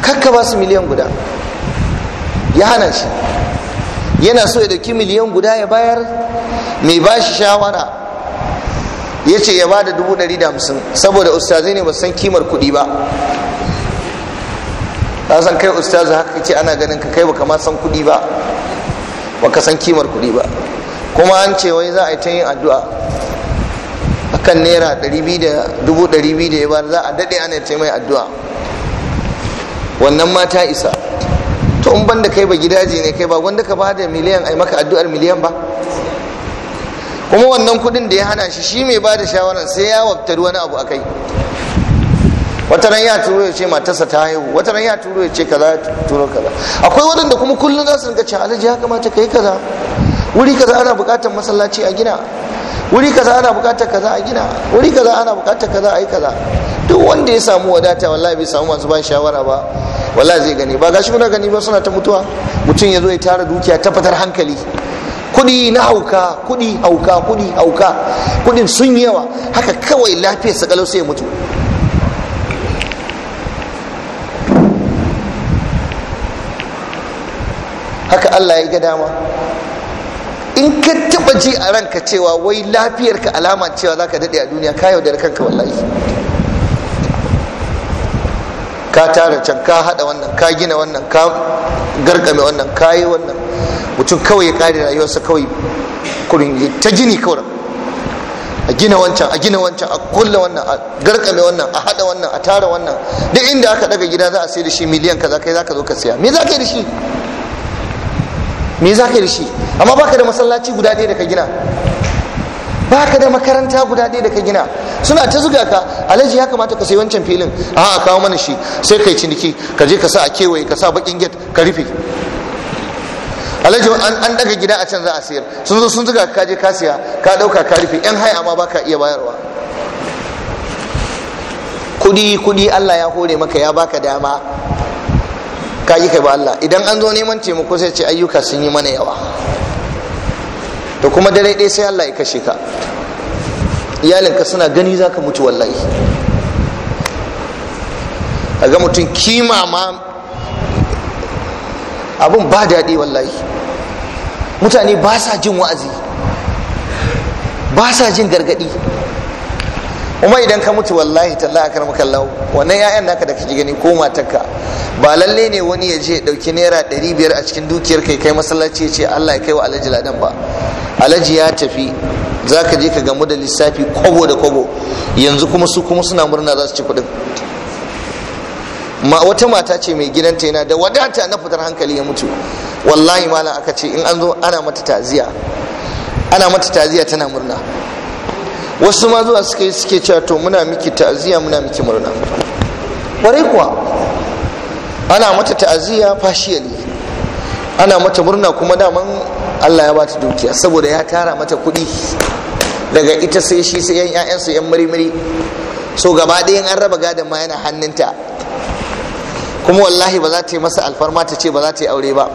kakka ba su miliyan guda ya hana shi yana so ya dauki miliyan guda ya bayar mai ba shi shawara ya ce ya ba da dubu ɗari da hamsin saboda ustazai ne ba san kimar kuɗi ba ka san kai ustazu haka ce ana ganin ka kai baka ma san kuɗi ba baka san kimar kuɗi ba kuma an ce wai za a yi ta yin addu'a akan naira biyu da ya ba za a daɗe ana ta mai addu'a wannan mata isa to in banda kai ba gidaje ne kai ba wanda ka bada miliyan ai maka addu'ar miliyan ba kuma wannan kudin da ya hana shi shi mai bada shawaran sai ya wabtari wani abu akai wata ran ya turo ya ce matarsa ta haihu wata ran ya turo ya ce kaza ya turo kaza akwai waɗanda kuma kullum za su rinka ce alhaji ya kamata kai kaza wuri kaza ana bukatar masallaci a gina wuri kaza ana bukatar kaza a gina wuri kaza ana bukatar kaza a yi kaza duk wanda ya samu wadata wallahi bai samu masu ban shawara ba wallahi zai gani ba gashi muna gani ba suna ta mutuwa mutum ya zo ya tara dukiya ta fatar hankali kudi na hauka kudi hauka kudi hauka kudin sun yawa haka kawai lafiyar sa kalau sai ya mutu haka Allah ya ga dama in ka taba ji a ranka cewa wai lafiyarka alama cewa za ka dade a duniya ka yaudar kanka wallahi ka tara can ka hada wannan ka gina wannan ka garkame wannan ka yi wannan mutum kawai ya kare rayuwarsa kawai kurin ta gini kawai a gina wancan a gina wancan a kulla wannan a garkame wannan a hada wannan a tara wannan duk inda aka daga gida za a sai da shi miliyan kaza kai za ka zo ka siya me za ka yi da shi me za ka da shi amma baka da masallaci guda ɗaya da ka gina baka da makaranta guda ɗaya da ka gina suna ta zuga ka alhaji ya kamata ka sayi wancan filin a a kawo mana shi sai kai ciniki ka je ka sa a kewaye ka sa bakin gate ka rufe alhaji an daga gida a can za a sayar sun zo sun zuga ka je ka siya ka dauka ka rufe yan haya ma baka iya bayarwa kudi kudi Allah ya hore maka ya baka dama ka yi kai ba Allah idan an zo neman taimako sai ce ayyuka sun yi mana yawa to kuma dare ɗaya sai Allah ya kashe ka iyalinka suna gani za ka mutu wallahi a ga mutum kima ma abun ba daɗi wallahi mutane ba sa jin wa'azi ba sa jin gargaɗi kuma idan ka mutu wallahi talla a maka lau wannan yayan naka da kake gani ko matarka ba lalle ne wani ya je dauki naira biyar a cikin dukiyar kai kai masallaci ya ce Allah ya kai wa alhaji ladan ba alhaji ya tafi za ka je ka gamu da lissafi kwabo da kwabo yanzu kuma su kuma suna murna za su ci kuɗin wata mata ce mai gidanta yana da wadata na fitar hankali ya mutu wallahi malam aka ce in an zo ana mata taziya ana mata taziya tana murna wasu ma zuwa suke suke cewa to muna miki ta'aziyya muna miki murna bare kuwa ana mata ta'aziyya fashiyali ana mata murna kuma daman Allah ya bata dukiya saboda ya tara mata kuɗi daga ita sai shi sai yan ƴaƴansu yan marimari so gaba ɗayan an raba gadon ma yana hannunta kuma wallahi ba za ta yi masa alfarma ta ce ba za ta yi aure ba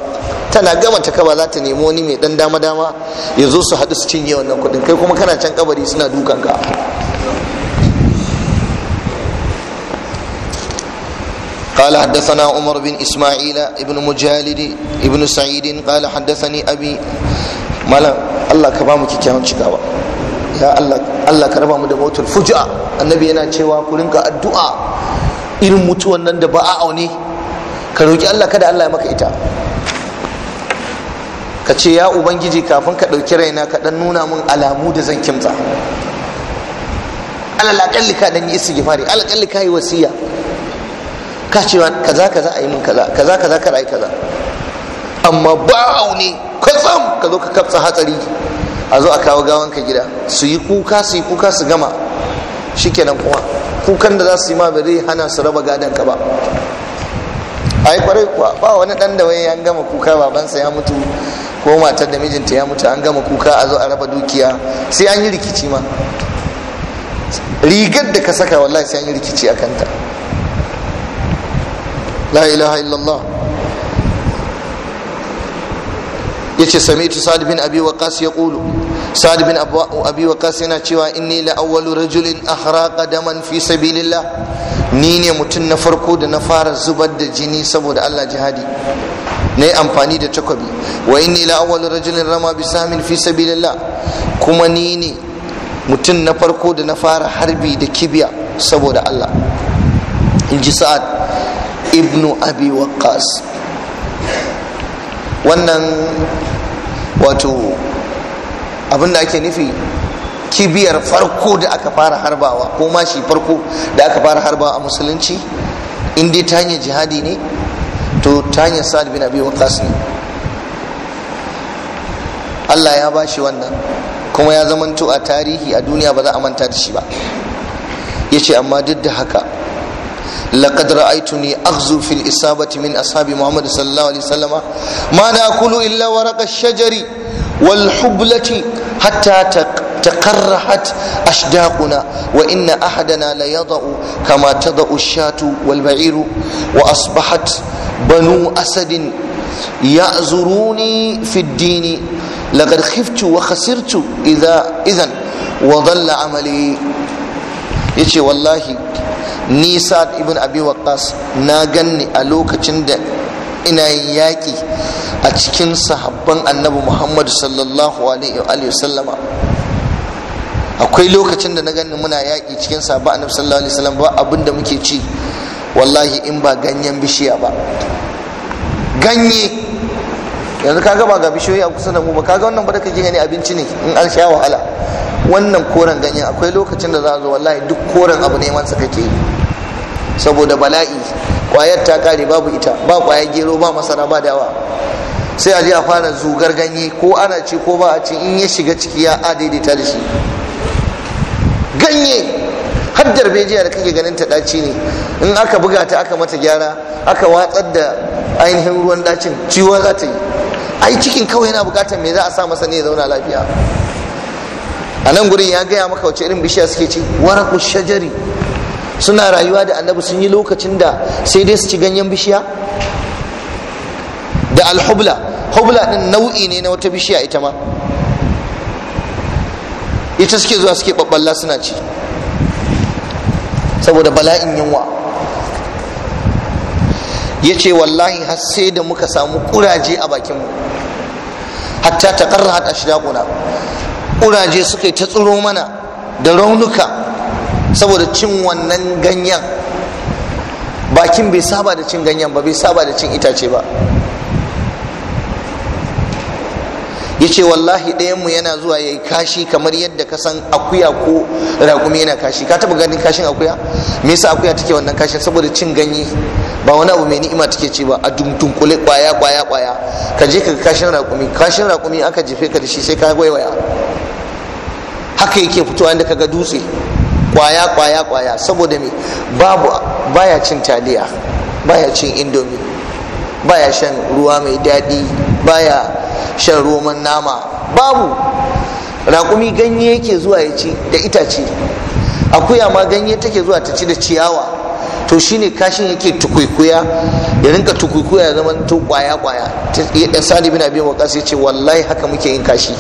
tana gama ta kaba za ta nemo wani mai dan dama dama ya zo su haɗu su cinye wannan kuɗin kai kuma kana can kabari suna dukan ka قال حدثنا عمر بن اسماعيل ابن مجالد ابن سعيد قال حدثني ابي مالا الله كبامك كيان شكاوى ya Allah Allah الله كربا مو da mautul fujia annabi yana cewa ku rinka addu'a irin mutuwan nan da ba a aune ka roki Allah kada Allah ya maka ita ka ce ya ubangiji kafin ka ɗauki raina ka ɗan nuna min alamu da zan kimta alalakalli ka ɗan yi gifari alalakalli ka yi wasiya ka ce wa kaza kaza a yi min kaza kaza kaza kar a yi kaza amma ba aune kwatsam ka zo ka kafsa hatsari a zo a kawo gawan ka gida su yi kuka su yi kuka su gama shikenan kuma kukan da za su yi ma ba zai hana su raba gadon ka ba ai kwarai kuwa ba wani dan da wai ya gama kuka babansa ya mutu ko matar da mijinta ya mutu an gama kuka a zo a raba dukiya sai an yi rikici ma rigar da ka saka wallahi sai an yi rikici a kanta la ilaha illallah sami sami'tu sa'd bin abi waqas Kulu. sa'd bin abi waqas yana cewa inni la awwalu rajulin ahraqa daman fi sabilillah ni ne mutum na farko da na fara zubar da jini saboda Allah jihadi na yi amfani da takobi wa inni la awwal rajulin rama bi samin fi sabilillah kuma ni ne mutum na farko da na fara harbi da kibiya saboda Allah in ji sa'ad ibnu abi waqqas wannan wato abin da ake nufi kibiyar farko da aka fara harbawa ko mashi farko da aka fara harbawa a musulunci in dai ta hanyar jihadi ne to ta hanyar sa'ad bin abi waqas ne Allah ya bashi wannan kuma ya zama a tarihi a duniya ba za a manta da shi ba yace amma duk da haka laqad ra'aytuni akhzu fil isabati min ashabi muhammad sallallahu alaihi wasallama ma da kulu illa waraqash shajari wal hublati hatta taq تقرحت أشداقنا وإن أحدنا ليضع كما تضع الشاة والبعير وأصبحت بنو أسد يأزروني في الدين لقد خفت وخسرت إذا إذن وضل عملي يتي والله ni sa'ad ibn abi waqqas na ganni a lokacin da ina yin yaƙi a cikin sahabban annabi muhammad sallallahu alaihi wa sallama akwai lokacin da na gani muna yaƙi cikin a annabi sallallahu alaihi wasallam ba abin da muke ci wallahi in ba ganyen bishiya ba ganye yanzu kaga ba ga bishiyoyi a kusa da mu ba kaga wannan ba da kake gani abinci ne in an sha wahala wannan koren ganyen akwai lokacin da za a zo wallahi duk koren abu neman sa kake saboda bala'i kwayar ta kare babu ita ba kwayar gero ba masara ba dawa sai a je a fara zugar ganye ko ana ci ko ba a ci in ya shiga ciki ya adaidaita da shi ganye har darbejiya da kake ganin ta daci ne in aka buga ta aka mata gyara aka watsar da ainihin ruwan dacin ciwo za ta yi ai cikin kawai yana bukatar me za a sa masa ne ya zauna lafiya a nan gurin ya gaya maka wace irin bishiya suke ci waraku shajari suna rayuwa da annabi sun yi lokacin da sai dai su ci ganyen bishiya da alhubla hubla din nau'i ne na wata bishiya ita ma ita suke zuwa suke babballa suna ci saboda bala'in yunwa ya ce wallahi har sai da muka samu kuraje a bakinmu hatta ta karra hata shida kuna kuraje suka yi ta tsiro mana da raunuka saboda cin wannan ganyen bakin bai saba da cin ganyen ba bai saba da cin itace ba ce wallahi ɗayan mu yana zuwa ya yi kashi kamar yadda ka san akuya ko raƙumi yana kashi ka taɓa ganin kashin akuya me yasa akuya take wannan kashin saboda cin ganye ba wani abu mai ni'ima take ce ba a dundunkule ƙwaya ƙwaya-ƙwaya. ka je ka kashin raƙumi kashin raƙumi aka jefe ka da shi sai ka waiwaya haka yake fitowa inda ga dutse ƙwaya-ƙwaya. ƙwaya saboda me babu baya cin taliya baya cin indomi baya shan ruwa mai daɗi baya shan roman nama babu raƙumi ganye yake zuwa ya ci da itace akuya ma ganye take zuwa ta ci da ciyawa to shine kashin yake tukuikuya ya rinka tukuikuya ya zama to kwaya kwaya ya sali bin abin ƙasa ya ce wallahi haka muke yin kashi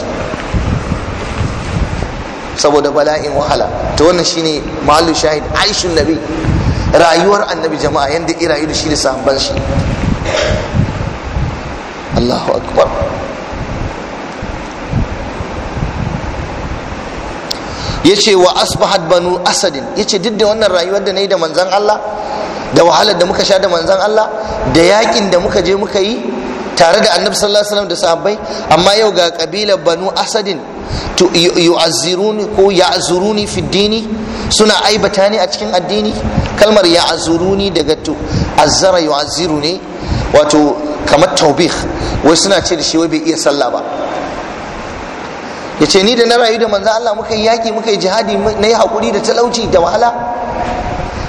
saboda bala'in wahala to wannan shine mahallu shahid aishun nabi rayuwar annabi jama'a yanda irayu da shi da sahabban shi Allahu akbar Ya ce wa asbahat banu asadin yace duk da wannan rayuwar da yi da manzan Allah da wahalar da muka sha da manzan Allah da yakin da muka je muka yi tare da annabi sallallahu alaihi wasallam da sahabbai amma yau ga kabilar banu asadin to yu'azziruni ko ya'zuruni fi dini suna aibata ni a cikin addini kalmar ya'zuruni daga to azzara yu'azziru ne wato kamar taubih wai suna ce da shi wai bai iya sallah ba ya ce ni da na rayu da manzo Allah muka yi yaƙi muka yi jihadi na yi haƙuri da talauci da wahala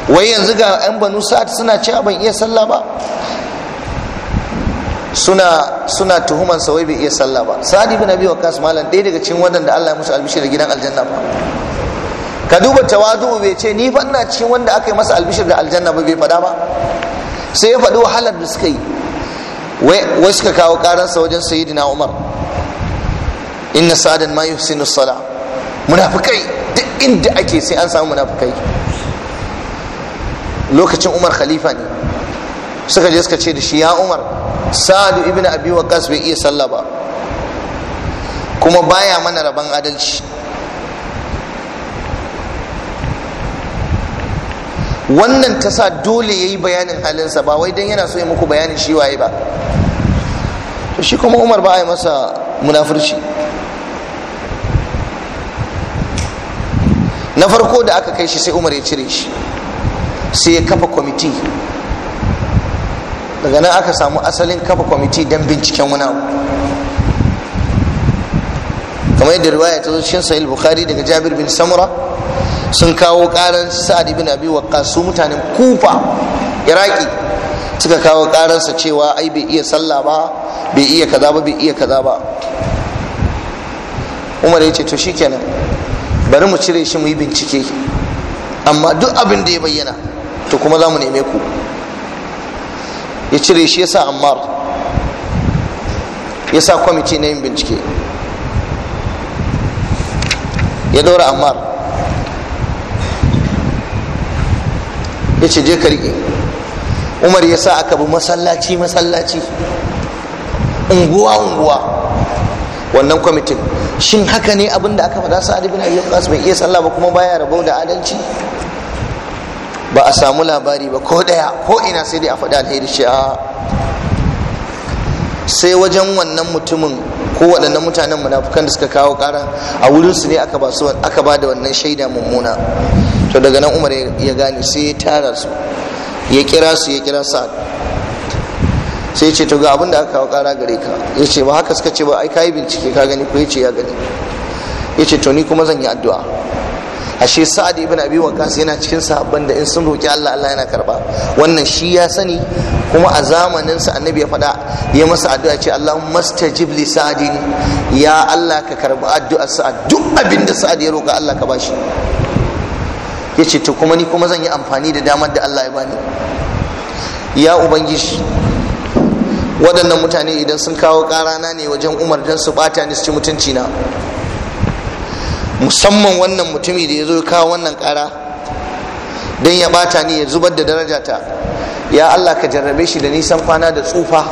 wai yanzu ga 'yan banu sa'ad suna cewa ban iya sallah ba suna suna tuhuman sa wai bai iya sallah ba sa'ad ibn abi waqas malan ɗaya daga cikin wadanda Allah ya musu albishir da gidan aljanna ba ka duba tawadu bai ce ni fa ina cikin wanda aka yi masa albishir da aljanna ba bai fada ba sai ya faɗi wahalar da suka yi wai suka kawo ƙaransa wajen sayyidina umar inna sa'adan ma yusinu sala munafikai duk inda ake sai an samu munafikai lokacin umar khalifa ne suka je suka ce da shi ya umar sa'adu ibn abi waqas bai iya sallah ba kuma baya mana rabon adalci wannan ta sa dole ya yi bayanin halinsa ba wai don yana so ya muku bayanin shi waye ba to shi kuma umar ba a yi masa munafurci na farko da aka kai shi sai umar ya cire shi sai ya kafa kwamiti daga nan aka samu asalin kafa kwamiti don binciken wani abu kamar yadda riwaya ta zo cikin bukhari daga jabir bin samura sun kawo karan sa'ad ibn abi waqqas su mutanen kufa iraki suka kawo karansa cewa ai bai iya sallah ba bai iya kaza ba bai iya kaza ba umar ya ce to shikenan bari mu cire shi mu yi bincike amma duk abin da ya bayyana to kuma za mu neme ku ya cire shi ya sa ammar ya sa kwamiti na yin bincike ya daura ammar ya ce je ka umar ya sa aka bi masallaci masallaci unguwa unguwa wannan kwamitin shin haka ne abin da aka faɗa sa'ad ibn ayyub qas bai iya sallah ba kuma baya rabo da adalci ba a samu labari ba ko daya ko ina sai dai a faɗi alheri shi a sai wajen wannan mutumin ko waɗannan mutanen munafukan da suka kawo ƙara, a wurinsu ne aka ba da wannan shaida mummuna to daga nan umar ya gane sai ya tara su ya kira su ya kira sa sai ce to ga abin da aka kawo kara gare ka ya ce ba haka suka ce ba ai kayi bincike ka gani ko ya ce ya gani ya ce to ni kuma zan yi addu'a ashe sa'ad ibn abi waqas yana cikin sahabban da in sun roki Allah Allah yana karba wannan shi ya sani kuma a zamanin sa annabi ya faɗa ya masa addu'a ce Allahumma stajib li sa'adin ya Allah ka karba addu'ar sa'ad duk abin da sa'ad ya roka Allah ka bashi yace to kuma ni kuma zan yi amfani da damar da Allah ya bani ya ubangiji waɗannan mutane idan sun kawo ƙarana ne wajen umar don su ɓata ni su ci mutunci na musamman wannan mutumi da ya zo kawo wannan ƙara don ya ɓata ni ya zubar da darajata ya allah ka jarrabe shi da nisan kwana da tsufa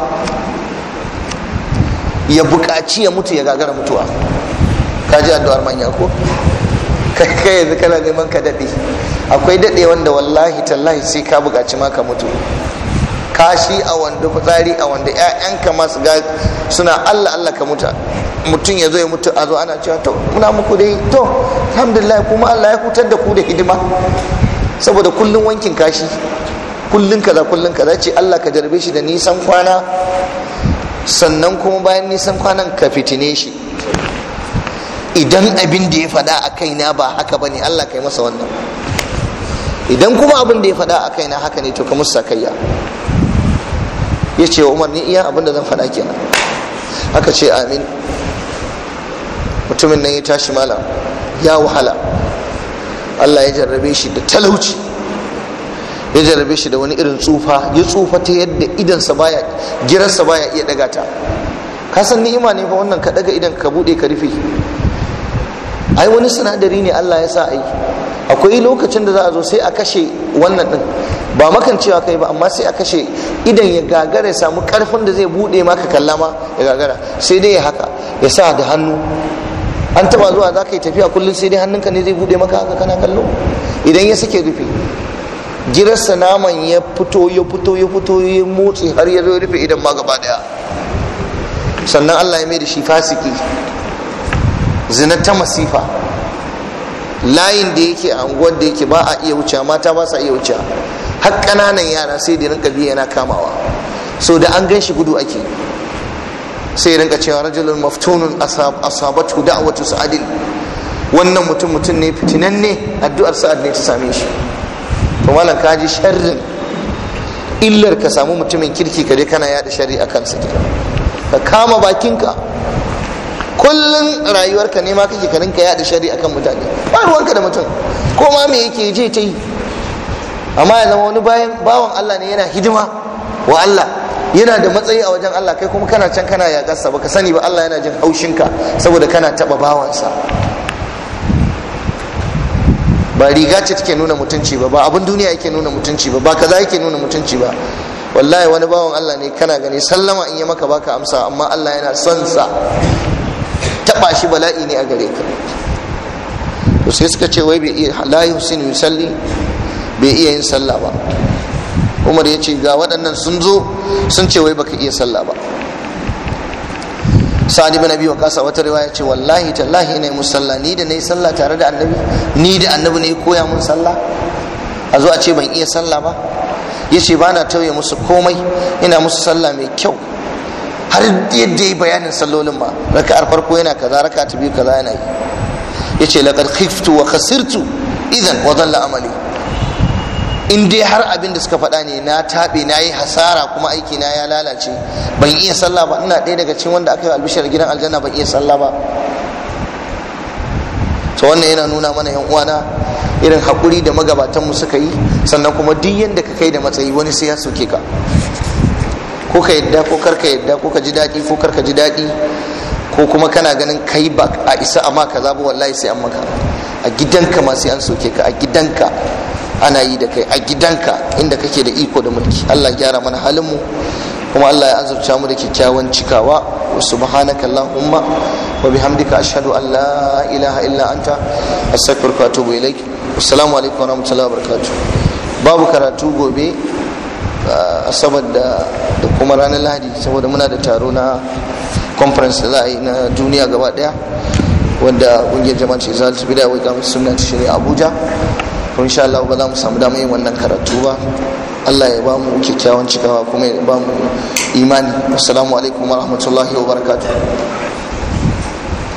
ya buƙaci ya mutu ya gagara mutuwa ka ji addu'ar manya ko kai yanzu kana neman ka daɗe akwai daɗe wanda wallahi tallahi sai ka buƙaci ma ka mutu kashi a wanda fitsari a wanda ƴaƴanka masu ga suna Allah Allah ka mutu mutum ya zo ya mutu a zo ana cewa to muna muku dai to alhamdulillah kuma Allah ya hutar da ku da hidima saboda kullun wankin kashi kullun kaza kullun kaza ce Allah ka jarbe shi da nisan kwana sannan kuma bayan nisan kwanan ka fitine shi idan abin da ya faɗa a kaina ba haka bane Allah kai masa wannan idan kuma abin da ya faɗa a kaina haka ne to ka musu sakayya ya ce wa umar ni iya abinda zan faɗa kenan aka ce amin mutumin nan ya tashi malam ya wahala Allah ya jarrabe shi da talauci ya jarrabe shi da wani irin tsufa ya tsufa ta yadda idansa baya girarsa baya iya daga ta kasan san ni'ima ne fa wannan ka daga idan ka bude ka rufe ai wani sinadari ne Allah ya sa ai akwai lokacin da za a zo sai a kashe wannan din ba makan cewa kai ba amma sai a kashe idan ya gagara ya samu karfin da zai bude maka kalla ma ya gagara sai dai ya haka ya sa da hannu an taba zuwa za ka yi tafiya kullum sai dai hannunka ne zai bude maka haka kana kallo idan ya sake rufe girarsa naman ya fito ya fito ya fito ya motsi har ya zo rufe idan ma gaba daya sannan allah ya mai da shi fasiki zina ta masifa layin da yake a unguwar da yake ba a iya wuce mata ba sa iya wuce har ƙananan yara sai da rinka biya yana kamawa so da an gan gudu ake sai rinka cewa rajulun maftunun asabatu da'watu sa'adil wannan mutum mutum ne fitinan ne addu'ar sa'ad ne ta same shi to malam ka ji sharrin illar ka samu mutumin kirki ka je kana yada shari a kansa ka kama bakinka kullum rayuwarka ne ma kake ka yaɗa yada shari akan mutane ba ruwanka da mutum ko ma me yake je ta yi amma ya zama wani bayan bawan Allah ne yana hidima wa Allah yana da matsayi a wajen Allah kai kuma kana can kana yakarsa baka sani ba Allah yana jin ka saboda kana taba bawansa ba riga ce take nuna mutunci ba ba abin duniya yake nuna mutunci ba ba kaza yake nuna mutunci ba wallahi wani bawan Allah ne kana gani sallama in ya maka baka amsa amma Allah yana son sa taba shi bala'i ne a gare ka to sai suka ce wai bai iya la yusin yusalli bai iya yin sallah ba umar ya ce ga waɗannan sun zo sun ce wai baka iya sallah ba sa'ad ibn abi waqasa wata riwaya ce wallahi tallahi ne musalla ni da nayi sallah tare da annabi ni da annabi ne koya mun sallah a zo a ce ban iya sallah ba yace ba na tauye musu komai ina musu sallah mai kyau har yadda yi bayanin sallolin ma raka'ar farko yana kaza raka ta biyu kaza yana yi Ya ce laqad khiftu wa khasirtu idan wa la'amali in dai har abin da suka faɗa ne na taɓe na yi hasara kuma aiki na ya lalace ban iya sallah ba ina ɗaya daga cikin wanda aka yi albishar gidan aljanna ban iya sallah ba to wannan yana nuna mana yan uwana irin haƙuri da magabatanmu suka yi sannan kuma duk yadda ka kai da matsayi wani sai ya soke ka ko ka yadda ko karka yadda ko ka ji daɗi ko karka ji daɗi ko kuma kana ganin kai ba a isa a maka za ba wallahi sai an maka a gidanka ma sai an soke ka a gidanka ana yi da kai a gidanka inda kake da iko da mulki Allah gyara mana halin mu kuma Allah ya azurta mu da kyakkyawan cikawa wa subhanaka allahumma wa bihamdika ashhadu an la ilaha illa anta astaghfiruka wa atubu ilaik assalamu alaikum wa rahmatullahi wa babu karatu gobe asabar ah, da kuma ranar lahadi saboda muna da taro na conference da za yi na duniya gaba daya wanda kungiyar jama'a ce za ta bida wai sunan suna abuja kun sha Allah ba za mu samu damar yin wannan karatu ba Allah ya ba mu kyakkyawan cikawa kuma ya ba mu imani assalamu alaikum wa rahmatullahi wa barakatuh